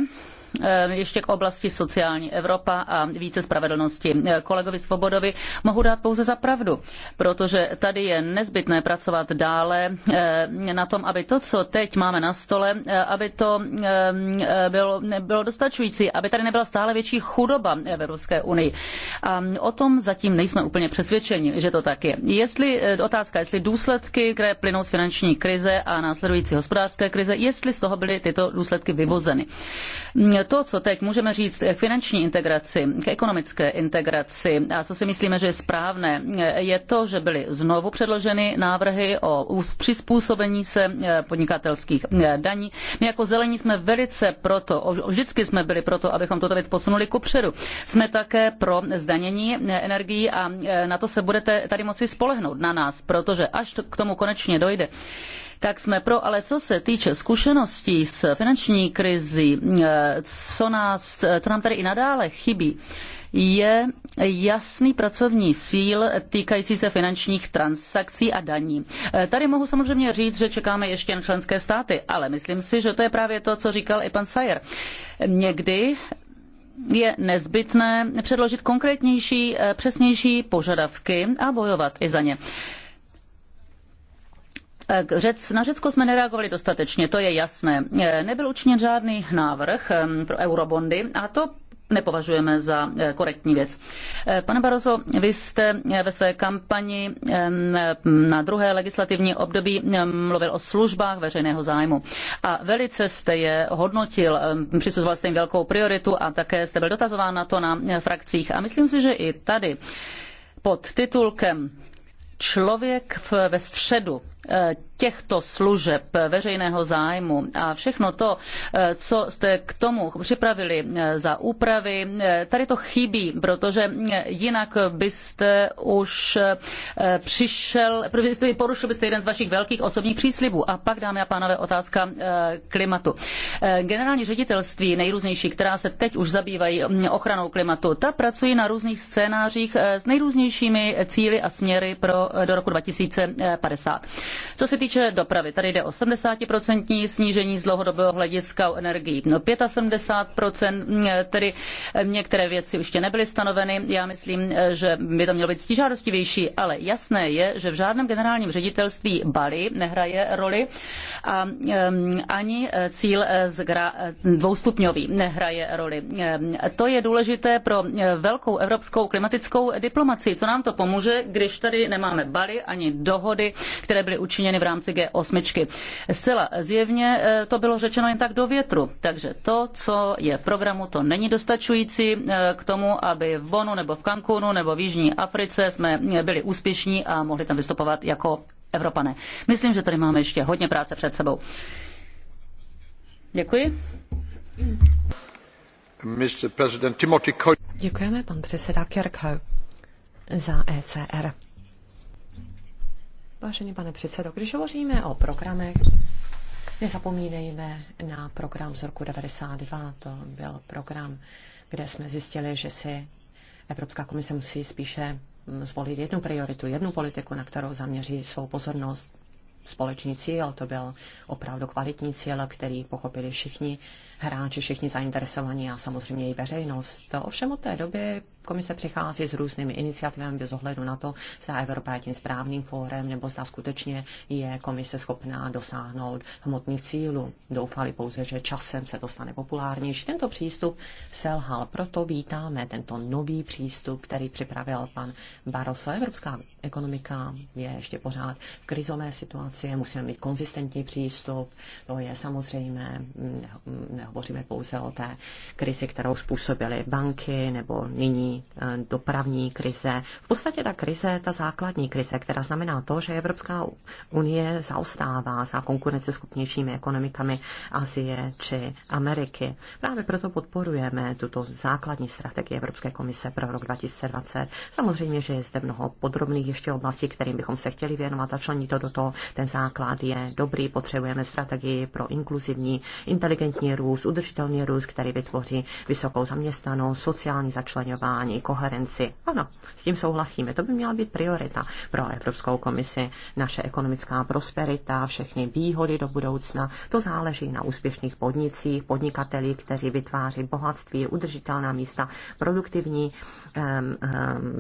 Ehm, ještě k oblasti sociální Evropa a více spravedlnosti. Ehm, kolegovi Svobodovi mohu dát pouze za pravdu, protože tady je nezbytné pracovat dále ehm, na tom, aby to, co teď máme na stole, aby to bylo, bylo dostačující, aby tady nebyla stále větší chudoba v Evropské unii. A o tom zatím nejsme úplně přesvědčeni, že to tak je. Jestli, otázka, jestli důsledky, které plynou z finanční krize a následující hospodářské krize, jestli z toho byly tyto důsledky vyvozeny to, co teď můžeme říct k finanční integraci, k ekonomické integraci a co si myslíme, že je správné, je to, že byly znovu předloženy návrhy o přizpůsobení se eh, podnikatelských eh, daní. My jako zelení jsme velice proto, vždycky jsme byli proto, abychom toto věc posunuli kupředu. Jsme také pro zdanění eh, energií a na to se budete tady moci spolehnout na nás, protože až k tomu konečně dojde, tak jsme pro, ale co se týče zkušeností s finanční krizí, eh, co, nás, eh, co nám tady i nadále chybí, je jasný pracovní síl týkající se finančních transakcí a daní. Eh, tady mohu samozřejmě říct, že čekáme ještě na členské státy, ale myslím si, že to je právě to, co říkal i pan Sayer. Někdy je nezbytné předložit konkrétnější, přesnější požadavky a bojovat i za ně. Eh, Řec, na Řecko jsme nereagovali dostatečně, to je jasné. Eh, nebyl učiněn žádný návrh ehm, pro eurobondy a to nepovažujeme za eh, korektní věc. Pane Barozo, vy jste ve své kampani ehm, na druhé legislativní období ehm, mluvil o službách veřejného zájmu a velice jste je hodnotil, přisuzoval jste jim velkou prioritu a také jste byl dotazován na to na frakcích a myslím si, že i tady pod titulkem Člověk ve středu těchto služeb veřejného zájmu a všechno to, eh, co jste k tomu připravili eh, za úpravy, eh, tady to chybí, protože jinak byste už přišel, byste porušil byste jeden z vašich velkých osobních příslibů. A pak, dámy a pánové, otázka klimatu. Generální ředitelství nejrůznější, která se teď už zabývají mm, ochranou klimatu, ta pracují na různých scénářích s nejrůznějšími cíly a směry pro, do roku 2050. Co se týče dopravy, tady jde o 70% snížení z dlouhodobého hlediska u energií. No 75%, tedy eh, některé věci ještě nebyly stanoveny. Já myslím, eh, že by to mělo být stížádostivější, ale jasné je, že v žádném generálním ředitelství Bali nehraje roli a eh, ani cíl z dvoustupňový nehraje roli. To je důležité pro velkou evropskou klimatickou diplomacii. Co nám to pomůže, když tady nemáme Bali ani dohody, které byly učiněny v rámci G8. Zcela zjevně eh, to bylo řečeno jen tak do větru, takže to, co je v programu, to není dostačující eh, k tomu, aby v Bonu nebo v Cancunu nebo v Jižní Africe jsme eh, byli úspěšní a mohli tam vystupovat jako Evropané. Myslím, že tady máme ještě hodně práce před sebou. Děkuji. Mr. President Timothy Děkujeme, pan předseda Kirkhope za ECR. Vážený pane předsedo, když hovoříme o programech, nezapomínejme na program z roku 92. To byl program, kde jsme zjistili, že si Evropská komise musí spíše mm, zvolit jednu prioritu, jednu politiku, na kterou zaměří svou pozornost. Společný cíl, to byl opravdu kvalitní cíl, který pochopili všichni hráči, všichni zainteresovaní a samozřejmě i veřejnost. Ovšem od té doby komise přichází s různými iniciativami bez ohledu na to, zda Evropa je tím správným fórem nebo zda skutečně je komise schopná dosáhnout hmotných cílů. Doufali pouze, že časem se to stane populárnější. Tento přístup selhal, proto vítáme tento nový přístup, který připravil pan Barroso. Evropská ekonomika je ještě pořád v krizové situaci, musíme mít konzistentní přístup, to je samozřejmě Nehovoříme pouze o té krizi, kterou způsobily banky nebo nyní eh, dopravní krize. V podstatě ta krize, ta základní krize, která znamená to, že Evropská unie zaostává za konkurenceschopnějšími ekonomikami Asie či Ameriky. Právě proto podporujeme tuto základní strategii Evropské komise pro rok 2020. Samozřejmě, že je zde mnoho podrobných ještě oblastí, kterým bychom se chtěli věnovat a členit to do toho. Ten základ je dobrý, potřebujeme strategii pro inkluzivní, inteligentní růst, růst, udržitelný růst, který vytvoří vysokou zaměstnanost, sociální začlenování, koherenci. Ano, s tím souhlasíme. To by měla být priorita pro Evropskou komisi. Naše ekonomická prosperita, všechny výhody do budoucna, to záleží na úspěšných podnicích, podnikatelích, kteří vytváří bohatství, udržitelná místa, produktivní um, um,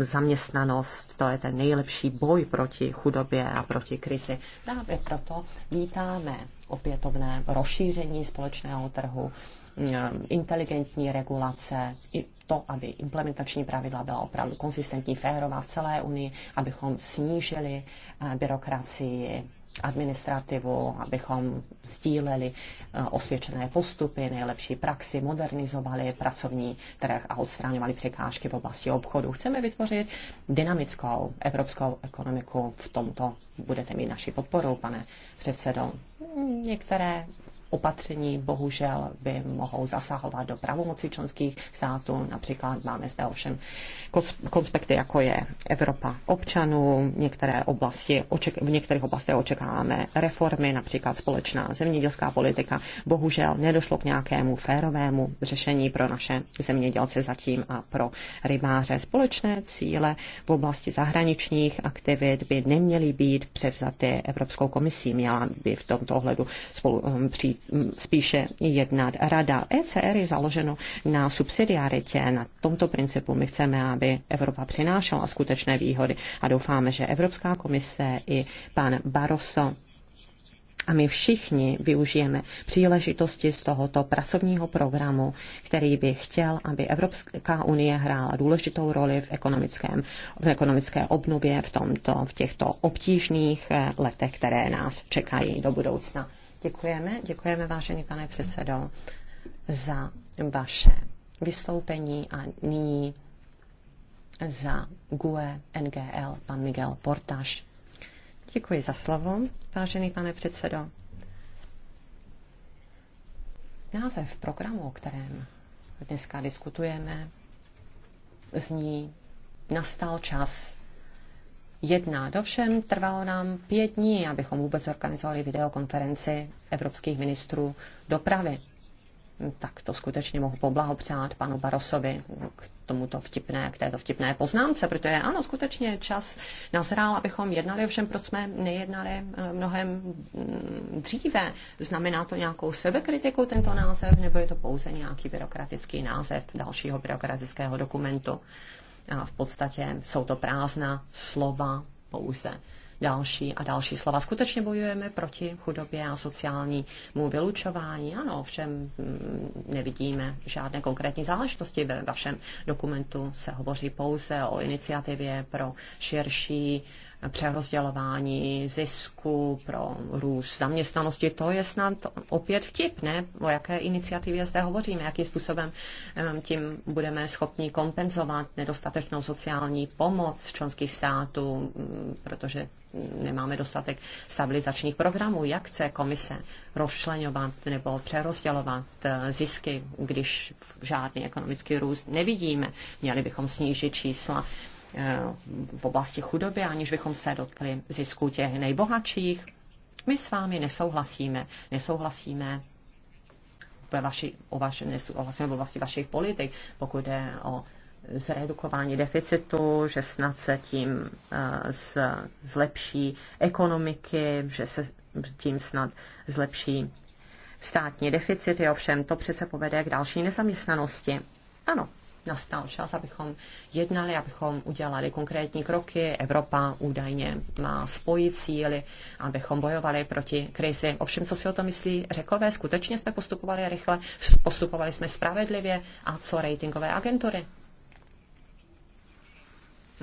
zaměstnanost. To je ten nejlepší boj proti chudobě a proti krizi. Právě proto vítáme opětovné rozšíření společného trhu, inteligentní regulace, i to, aby implementační pravidla byla opravdu konsistentní, férová v celé Unii, abychom snížili eh, byrokracii administrativu, abychom sdíleli eh, osvědčené postupy, nejlepší praxi, modernizovali pracovní trh a odstraňovali překážky v oblasti obchodu. Chceme vytvořit dynamickou evropskou ekonomiku. V tomto budete mít naši podporu, pane předsedo. Některé opatření bohužel by mohou zasahovat do pravomocí členských států. Například máme zde ovšem konspekty, jako je Evropa občanů. Některé oblasti, v některých oblastech očekáváme reformy, například společná zemědělská politika. Bohužel nedošlo k nějakému férovému řešení pro naše zemědělce zatím a pro rybáře. Společné cíle v oblasti zahraničních aktivit by neměly být převzaty Evropskou komisí. Měla by v tomto ohledu spolu um, přijít spíše jednat rada. ECR je založeno na subsidiaritě, na tomto principu my chceme, aby Evropa přinášela skutečné výhody a doufáme, že Evropská komise i pan Barroso a my všichni využijeme příležitosti z tohoto pracovního programu, který by chtěl, aby Evropská unie hrála důležitou roli v, ekonomickém, v ekonomické obnově v, tomto, v těchto obtížných eh, letech, které nás čekají do budoucna. Děkujeme, děkujeme vážený pane předsedo za vaše vystoupení a nyní za GUE NGL pan Miguel Portáš. Děkuji za slovo, vážený pane předsedo. Název programu, o kterém dneska diskutujeme, zní Nastal čas do všem trvalo nám pět dní, abychom vůbec organizovali videokonferenci evropských ministrů dopravy. Tak to skutečně mohu poblahopřát panu Barosovi k tomuto vtipné, k této vtipné poznámce, protože ano, skutečně čas nazrál, abychom jednali, ovšem proč jsme nejednali eh, mnohem mm, dříve. Znamená to nějakou sebekritiku tento název, nebo je to pouze nějaký byrokratický název dalšího byrokratického dokumentu? a v podstatě jsou to prázdná slova pouze další a další slova. Skutečně bojujeme proti chudobě a sociálnímu vylučování. Ano, ovšem mm, nevidíme žádné konkrétní záležitosti. Ve vašem dokumentu se hovoří pouze o iniciativě pro širší uh, přerozdělování zisku pro růst zaměstnanosti. To je snad opět vtip, ne? O jaké iniciativě zde hovoříme, jakým způsobem tím budeme schopni kompenzovat nedostatečnou sociální pomoc členských států, mm, protože nemáme dostatek stabilizačních programů. Jak chce komise rozčlenovat nebo přerozdělovat e, zisky, když žádný ekonomický růst nevidíme? Měli bychom snížit čísla Eh, v oblasti chudoby, aniž bychom se dotkli zisku těch nejbohatších. My s vámi nesouhlasíme. Nesouhlasíme ve vaši, o vaši, nesouhlasíme v oblasti vašich politik, pokud jde o zredukování deficitu, že snad se tím eh, z, zlepší ekonomiky, že se tím snad zlepší státní deficit, je ovšem to přece povede k další nezaměstnanosti. Ano, nastal čas, abychom jednali, abychom udělali konkrétní kroky. Evropa údajně má spojit síly, abychom bojovali proti krizi. Ovšem, co si o to myslí řekové, skutečně jsme postupovali rychle, postupovali jsme spravedlivě a co ratingové agentury?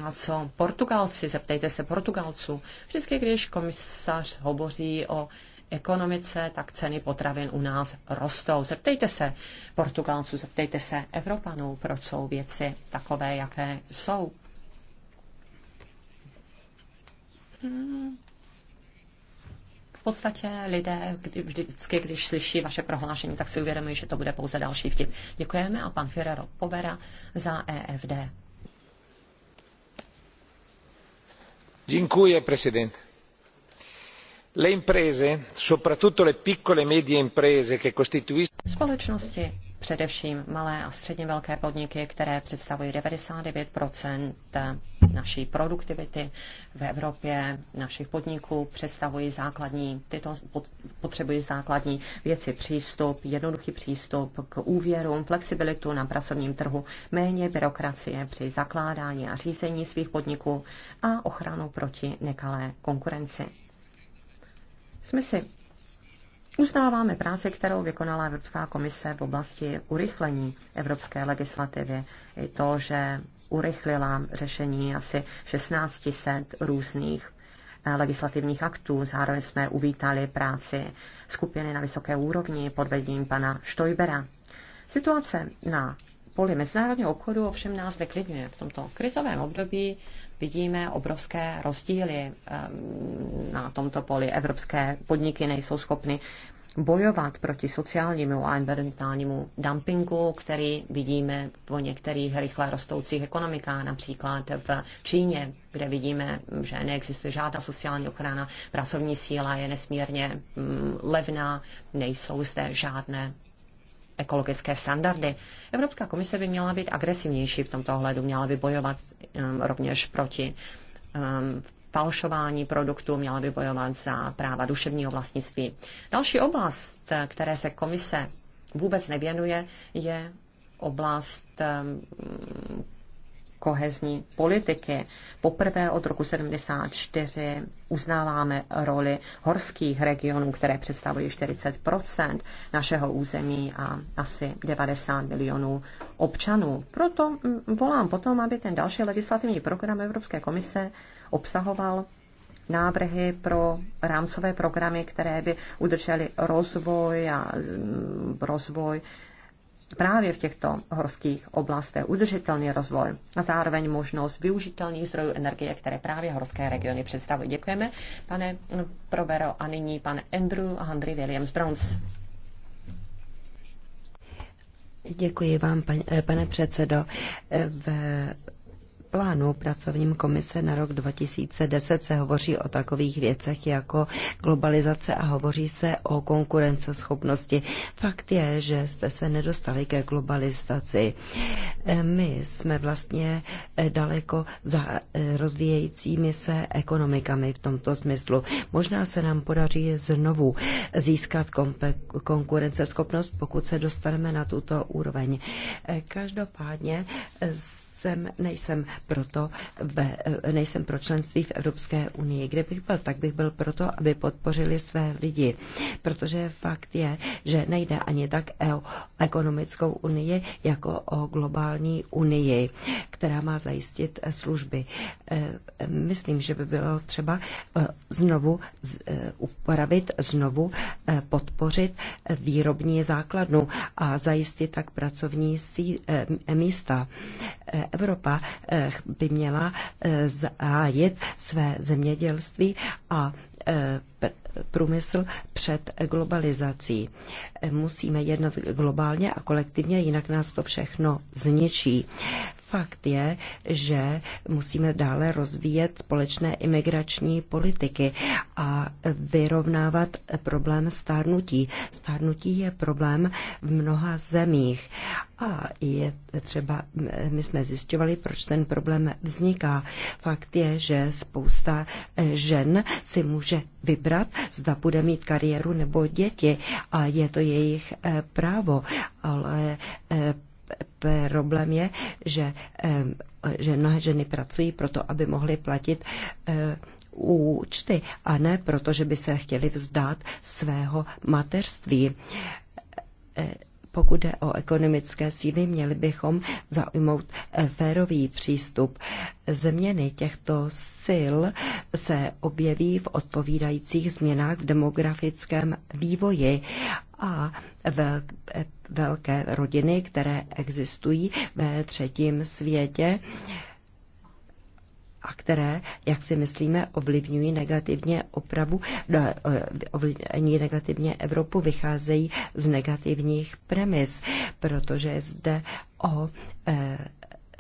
A co Portugalci? Zeptejte se Portugalců. Vždycky, když komisař hovoří o ekonomice, tak ceny potravin u nás rostou. Zeptejte se Portugalců, zeptejte se Evropanů, proč jsou věci takové, jaké jsou. Hmm. V podstatě lidé kdy, vždycky, když slyší vaše prohlášení, tak si uvědomují, že to bude pouze další vtip. Děkujeme a pan Ferrero Povera za EFD. Děkuji, prezident le imprese soprattutto le piccole e medie imprese che costituiscono společnosti především malé a středně velké podniky, které představují 99 naší produktivity v Evropě, našich podniků, představují základní, tyto potřebují základní věci, přístup, jednoduchý přístup k úvěrům, flexibilitu na pracovním trhu, méně byrokracie při zakládání a řízení svých podniků a ochranu proti nekalé konkurenci jsme si uznáváme práci, kterou vykonala Evropská komise v oblasti urychlení evropské legislativy. I to, že urychlila řešení asi 1600 různých eh, legislativních aktů. Zároveň jsme uvítali práci skupiny na vysoké úrovni pod vedením pana Štojbera. Situace na poli mezinárodního obchodu ovšem nás neklidňuje. V tomto krizovém období vidíme obrovské rozdíly ehm, na tomto poli. Evropské podniky nejsou schopny bojovat proti sociálnímu a environmentálnímu dumpingu, který vidíme po některých rychle rostoucích ekonomikách, například v Číně, kde vidíme, že neexistuje žádná sociální ochrana, pracovní síla je nesmírně mm, levná, nejsou zde žádné ekologické standardy. Evropská komise by měla být agresivnější v tomto ohledu, měla by bojovat um, rovněž proti um, falšování produktů, měla by bojovat za práva duševního vlastnictví. Další oblast, které se komise vůbec nevěnuje, je oblast um, kohezní politiky. Poprvé od roku 74 uznáváme roli horských regionů, které představují 40 našeho území a asi 90 milionů občanů. Proto mm, volám potom, aby ten další legislativní program Evropské komise obsahoval návrhy pro rámcové programy, které by udržely rozvoj a mm, rozvoj právě v těchto horských oblastech udržitelný rozvoj a zároveň možnost využitelných zdrojů energie, které právě horské regiony představují. Děkujeme, pane Provero, a nyní pan Andrew a Andrew Williams Browns. Děkuji vám, eh, pane předsedo. Eh, v plánu pracovním komise na rok 2010 se hovoří o takových věcech jako globalizace a hovoří se o konkurenceschopnosti. Fakt je, že jste se nedostali ke globalizaci. E, my jsme vlastně e, daleko za e, rozvíjejícími se ekonomikami v tomto smyslu. Možná se nám podaří znovu získat konkurenceschopnost, pokud se dostaneme na tuto úroveň. Každopádně jsem, nejsem proto ve, nejsem pro členství v Evropské unii. Kde bych byl, tak bych byl proto, aby podpořili své lidi. Protože fakt je, že nejde ani tak o ekonomickou unii, jako o globální unii, která má zajistit služby. E, myslím, že by bylo třeba e, znovu e, upravit, znovu podpořit výrobní základnu a zajistit tak pracovní místa Evropa eh, by měla eh, zájet své zemědělství a eh, průmysl před globalizací. Musíme jednat globálně a kolektivně, jinak nás to všechno zničí. Fakt je, že musíme dále rozvíjet společné imigrační politiky a vyrovnávat problém stárnutí. Stárnutí je problém v mnoha zemích. A je třeba, my jsme zjišťovali, proč ten problém vzniká. Fakt je, že spousta žen si může vybrat, zda bude mít kariéru nebo děti a je to jejich eh, právo, ale eh, problém je, že, že mnohé ženy pracují proto, aby mohly platit eh, účty a ne proto, že by se chtěli vzdát svého mateřství eh, pokud jde o ekonomické síly, měli bychom zaujmout eh, férový přístup. Změny těchto sil se objeví v odpovídajících změnách v demografickém vývoji a eh, velké rodiny, které existují ve třetím světě, a které, jak si myslíme, ovlivňují negativně opravu, eh, ovlivňují negativně Evropu, vycházejí z negativních premis, protože je zde o eh,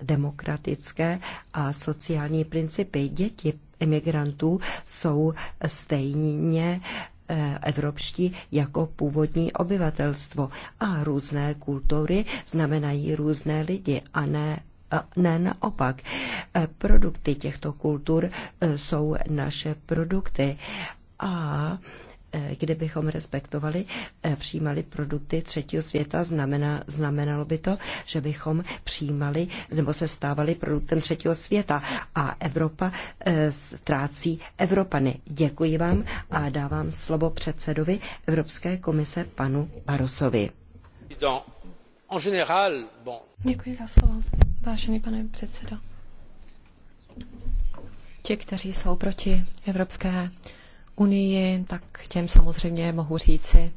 demokratické a sociální principy. Děti emigrantů jsou stejně eh, evropští jako původní obyvatelstvo. A různé kultury znamenají různé lidi a ne ne naopak. E, produkty těchto kultur e, jsou naše produkty a e, kdybychom respektovali, přijímali produkty třetího světa, znamená, znamenalo by to, že bychom přijímali nebo se stávali produktem třetího světa a Evropa ztrácí Evropany. Děkuji vám a dávám slovo předsedovi Evropské komise panu Barosovi. Děkuji za slovo. Vážený pane předsedo, ti, kteří jsou proti Evropské unii, tak těm samozřejmě mohu říci,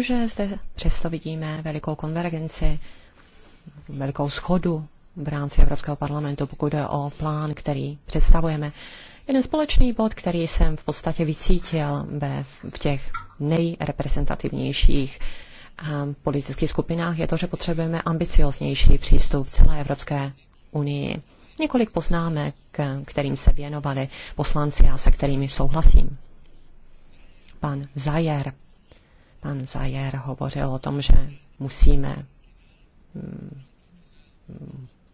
že zde přesto vidíme velikou konvergenci, velikou schodu v rámci Evropského parlamentu, pokud jde o plán, který představujeme. Jeden společný bod, který jsem v podstatě vycítil ve, v těch nejreprezentativnějších politických skupinách, je to, že potřebujeme ambicioznější přístup v celé Evropské unii. Několik poznámek, kterým se věnovali poslanci a se kterými souhlasím. Pan Zajer, pan Zajer hovořil o tom, že musíme mm,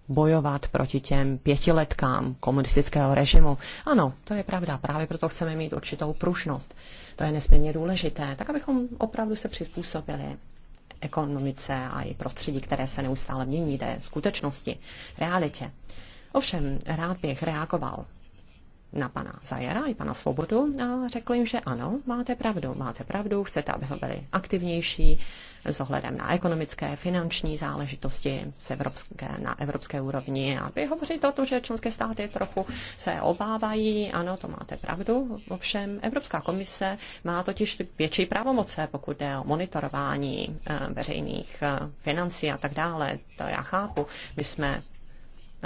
bojovat proti těm pětiletkám komunistického režimu. Ano, to je pravda. Právě proto chceme mít určitou pružnost. To je nesmírně důležité, tak abychom opravdu se přizpůsobili ekonomice a i prostředí, které se neustále mění, té skutečnosti, realitě. Ovšem, rád bych reagoval na pana Zajera i pana Svobodu a řekl jim, že ano, máte pravdu, máte pravdu, chcete, aby byli aktivnější s ohledem na ekonomické, finanční záležitosti z evropské, na evropské úrovni. A hovořit o tom, že členské státy trochu se obávají, ano, to máte pravdu, ovšem Evropská komise má totiž větší pravomoce, pokud jde o monitorování eh, veřejných eh, financí a tak dále. To já chápu. My jsme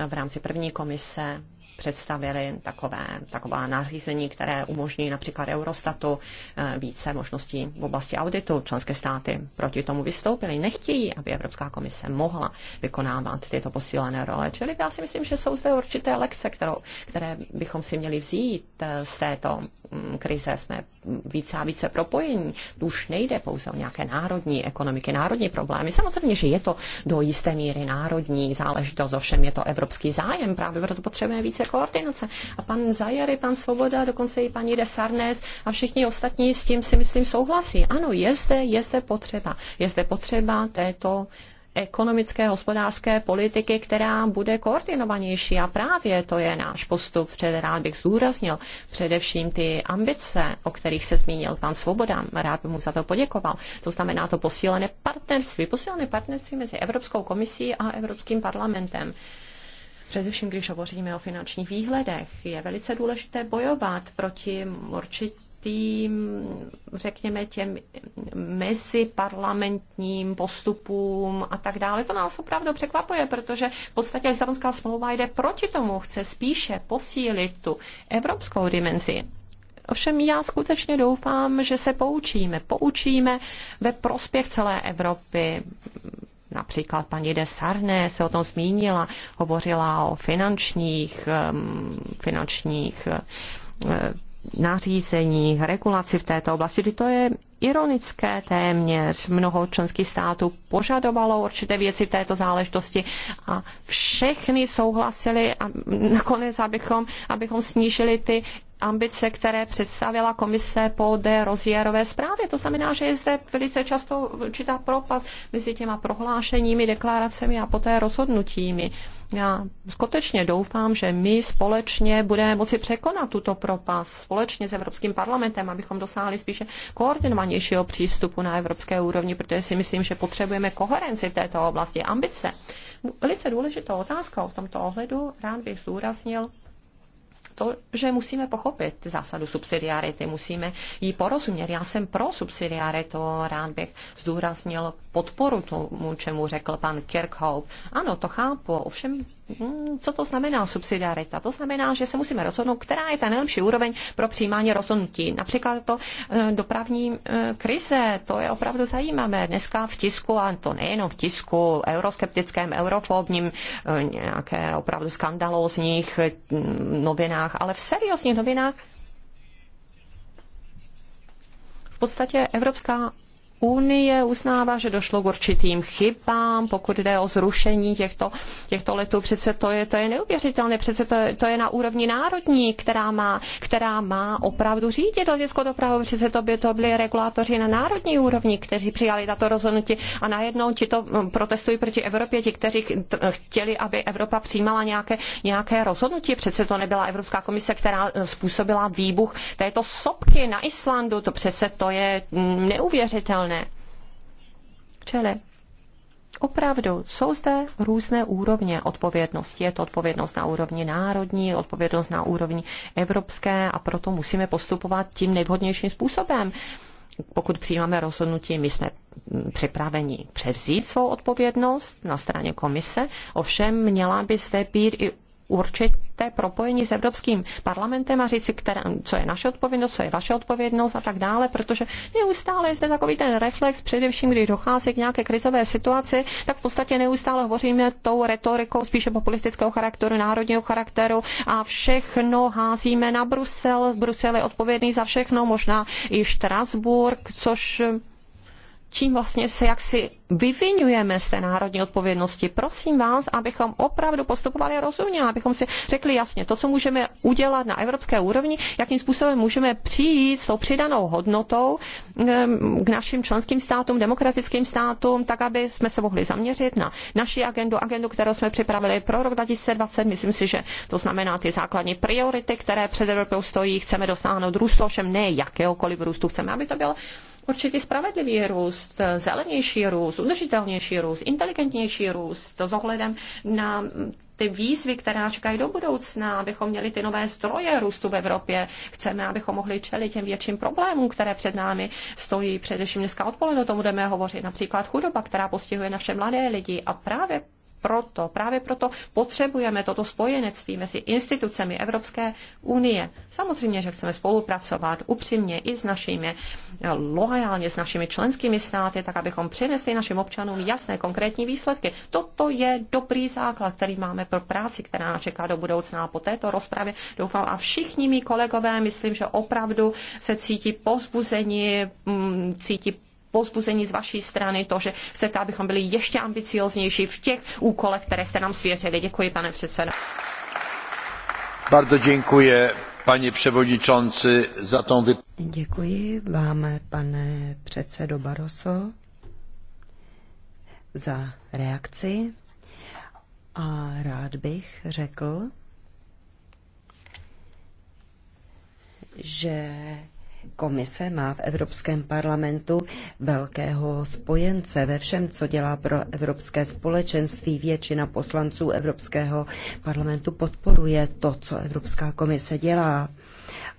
v rámci první komise představili takové, taková nařízení, které umožní například Eurostatu eh, více možností v oblasti auditu. Členské státy proti tomu vystoupily, nechtějí, aby Evropská komise mohla vykonávat tyto posílené role. Čili já si myslím, že jsou zde určité lekce, kterou, které bychom si měli vzít eh, z této mm, krize. Jsme více a více propojení. To už nejde pouze o nějaké národní ekonomiky, národní problémy. Samozřejmě, že je to do jisté míry národní záležitost, ovšem je to evropský zájem, právě proto potřebujeme více koordinace. A pan Zajary, pan Svoboda, dokonce i paní Desarnes a všichni ostatní s tím si myslím souhlasí. Ano, je zde, je zde potřeba. Je zde potřeba této ekonomické hospodářské politiky, která bude koordinovanější. A právě to je náš postup. Před rád bych zdůraznil především ty ambice, o kterých se zmínil pan Svoboda. Rád bych mu za to poděkoval. To znamená to posílené partnerství. Posílené partnerství mezi Evropskou komisí a Evropským parlamentem. Především, když hovoříme o finančních výhledech, je velice důležité bojovat proti určitě tím, řekněme, těm meziparlamentním postupům a tak dále. To nás opravdu překvapuje, protože v podstatě Lisabonská smlouva jde proti tomu, chce spíše posílit tu evropskou dimenzi. Ovšem já skutečně doufám, že se poučíme. Poučíme ve prospěch celé Evropy. Například paní de Sarné se o tom zmínila, hovořila o finančních, um, finančních eh, nařízení, regulaci v této oblasti. To je ironické téměř. Mnoho členských států požadovalo určité věci v této záležitosti a všechny souhlasili a nakonec, abychom, abychom snížili ty ambice, které představila komise po de rozjérové zprávě. To znamená, že je zde velice často určitá propast mezi těma prohlášeními, deklaracemi a poté rozhodnutími. Já skutečně doufám, že my společně budeme moci překonat tuto propast společně s Evropským parlamentem, abychom dosáhli spíše koordinovanějšího přístupu na evropské úrovni, protože si myslím, že potřebujeme koherenci této oblasti, ambice. Velice důležitou otázkou v tomto ohledu rád bych zúraznil to, že musíme pochopit zásadu subsidiarity, musíme ji porozumět. Já jsem pro subsidiaritu, rád bych zdůraznil podporu tomu, čemu řekl pan Kirkhope. Ano, to chápu, ovšem, hm, co to znamená subsidiarita? To znamená, že se musíme rozhodnout, která je ta nejlepší úroveň pro přijímání rozhodnutí. Například to eh, dopravní eh, krize, to je opravdu zajímavé. Dneska v tisku, a to nejenom v tisku, euroskeptickém, eurofobním, eh, nějaké opravdu skandalózních hm, novinách, ale v seriózních novinách v podstatě Evropská unie uznává, že došlo k určitým chybám, pokud jde o zrušení těchto, těchto letů. Přece to je, to je neuvěřitelné, přece to, to je na úrovni národní, která má, která má opravdu řídit leteckou dopravu. Přece to by to byli regulátoři na národní úrovni, kteří přijali tato rozhodnutí a najednou ti to hm, protestují proti Evropě, ti, kteří chtěli, aby Evropa přijímala nějaké, nějaké rozhodnutí. Přece to nebyla Evropská komise, která hm, způsobila výbuch této sopky na Islandu. To přece to je hm, neuvěřitelné udržitelné. Čele. opravdu jsou zde různé úrovně odpovědnosti. Je to odpovědnost na úrovni národní, odpovědnost na úrovni evropské a proto musíme postupovat tím nejvhodnějším způsobem. Pokud přijímáme rozhodnutí, my jsme připraveni převzít svou odpovědnost na straně komise, ovšem měla by zde být i určitě jste propojeni s Evropským parlamentem a říci, která, co je naše odpovědnost, co je vaše odpovědnost a tak dále, protože neustále je zde takový ten reflex, především když dochází k nějaké krizové situaci, tak v podstatě neustále hovoříme tou retorikou spíše populistického charakteru, národního charakteru a všechno házíme na Brusel. Brusel je odpovědný za všechno, možná i Štrasburg, což čím vlastně se jaksi vyvinujeme z té národní odpovědnosti. Prosím vás, abychom opravdu postupovali rozumně, abychom si řekli jasně to, co můžeme udělat na evropské úrovni, jakým způsobem můžeme přijít s tou přidanou hodnotou ehm, k našim členským státům, demokratickým státům, tak, aby jsme se mohli zaměřit na naši agendu, agendu, kterou jsme připravili pro rok 2020. Myslím si, že to znamená ty základní priority, které před Evropou stojí. Chceme dosáhnout růstu, ovšem ne jakéhokoliv růstu. Chceme, aby to bylo určitý spravedlivý růst, zelenější růst, udržitelnější růst, inteligentnější růst s ohledem na ty výzvy, která čekají do budoucna, abychom měli ty nové zdroje růstu v Evropě. Chceme, abychom mohli čelit těm větším problémům, které před námi stojí. Především dneska odpoledne o tom budeme hovořit. Například chudoba, která postihuje naše mladé lidi. A právě proto, právě proto potřebujeme toto spojenectví mezi institucemi Evropské unie. Samozřejmě, že chceme spolupracovat upřímně i s našimi, loajálně s našimi členskými státy, tak abychom přinesli našim občanům jasné konkrétní výsledky. Toto je dobrý základ, který máme pro práci, která nás čeká do budoucna. A po této rozpravě doufám a všichni mý kolegové, myslím, že opravdu se cítí pozbuzení, mm, cítí povzbuzení z vaší strany, to, že chcete, abychom byli ještě ambicioznější v těch úkolech, které jste nám svěřili. Děkuji, pane předsedo. Bardzo dziękuję, panie przewodniczący, za tą Děkuji vám, pane předsedo Baroso, za reakci. A rád bych řekl, že Komise má v Evropském parlamentu velkého spojence ve všem, co dělá pro Evropské společenství. Většina poslanců Evropského parlamentu podporuje to, co Evropská komise dělá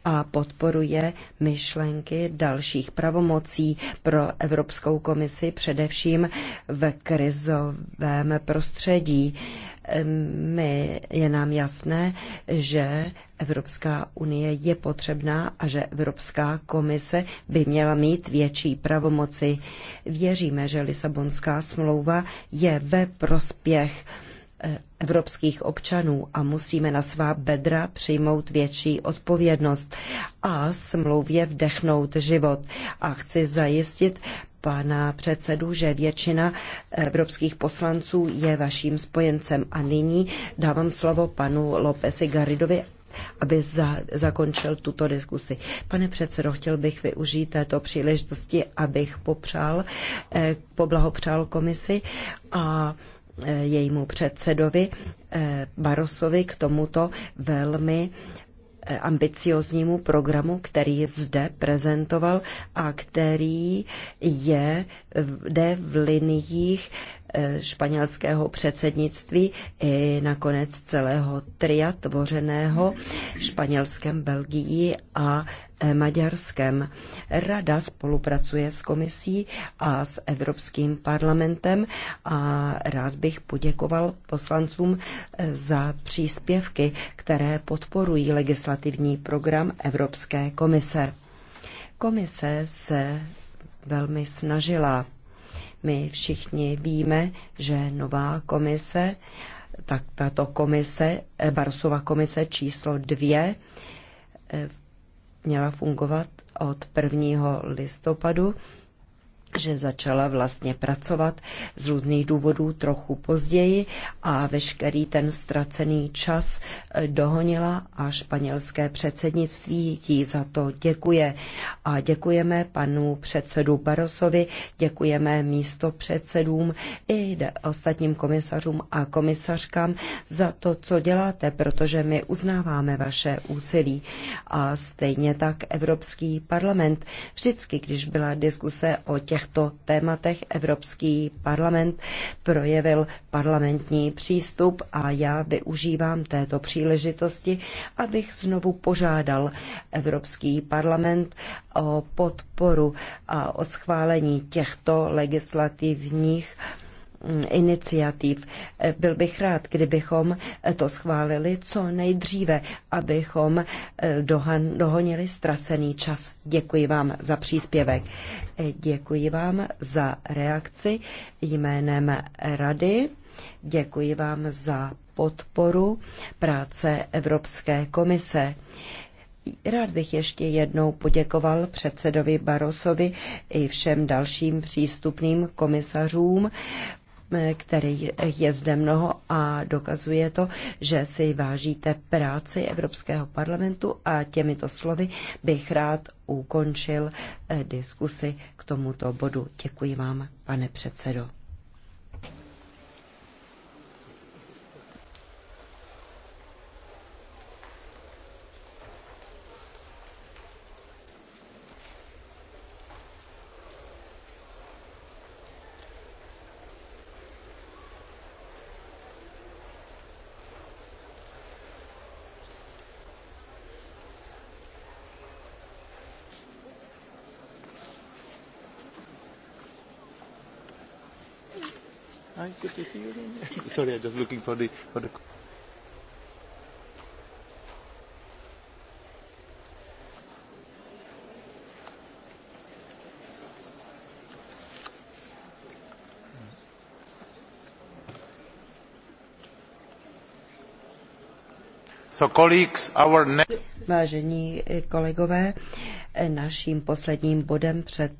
a podporuje myšlenky dalších pravomocí pro Evropskou komisi, především v krizovém prostředí my, je nám jasné, že Evropská unie je potřebná a že Evropská komise by měla mít větší pravomoci. Věříme, že Lisabonská smlouva je ve prospěch eh, evropských občanů a musíme na svá bedra přijmout větší odpovědnost a smlouvě vdechnout život. A chci zajistit pana předsedu, že většina evropských poslanců je vaším spojencem. A nyní dávám slovo panu Lópezi Garidovi, aby za, zakončil tuto diskusi. Pane předsedo, chtěl bych využít této příležitosti, abych popřál, eh, poblahopřál komisi a eh, jejímu předsedovi eh, Barosovi k tomuto velmi Eh, ambicioznímu programu, který zde prezentoval a který je, jde v liniích španělského předsednictví i nakonec celého tria tvořeného Španělskem, Belgií a e, Maďarskem. Rada spolupracuje s komisí a s Evropským parlamentem a rád bych poděkoval poslancům e, za příspěvky, které podporují legislativní program Evropské komise. Komise se velmi snažila my všichni víme, že nová komise, tak tato komise, eh, Barosova komise číslo dvě, eh, měla fungovat od 1. listopadu že začala vlastně pracovat z různých důvodů trochu později a veškerý ten ztracený čas eh, dohonila a španělské předsednictví ti za to děkuje. A děkujeme panu předsedu Barosovi, děkujeme místo předsedům i ostatním komisařům a komisařkám za to, co děláte, protože my uznáváme vaše úsilí. A stejně tak Evropský parlament vždycky, když byla diskuse o těch těchto tématech Evropský parlament projevil parlamentní přístup a já využívám této příležitosti, abych znovu požádal Evropský parlament o podporu a o schválení těchto legislativních iniciativ. Byl bych rád, kdybychom to schválili co nejdříve, abychom eh, dohonili ztracený čas. Děkuji vám za příspěvek. Eh, děkuji vám za reakci jménem Rady. Děkuji vám za podporu práce Evropské komise. Rád bych ještě jednou poděkoval předsedovi Barosovi i všem dalším přístupným komisařům který je zde mnoho a dokazuje to, že si vážíte práci Evropského parlamentu a těmito slovy bych rád ukončil eh, diskusi k tomuto bodu. Děkuji vám, pane předsedo. sorry, just looking for the for the. So colleagues, our Vážení kolegové, naším posledním bodem před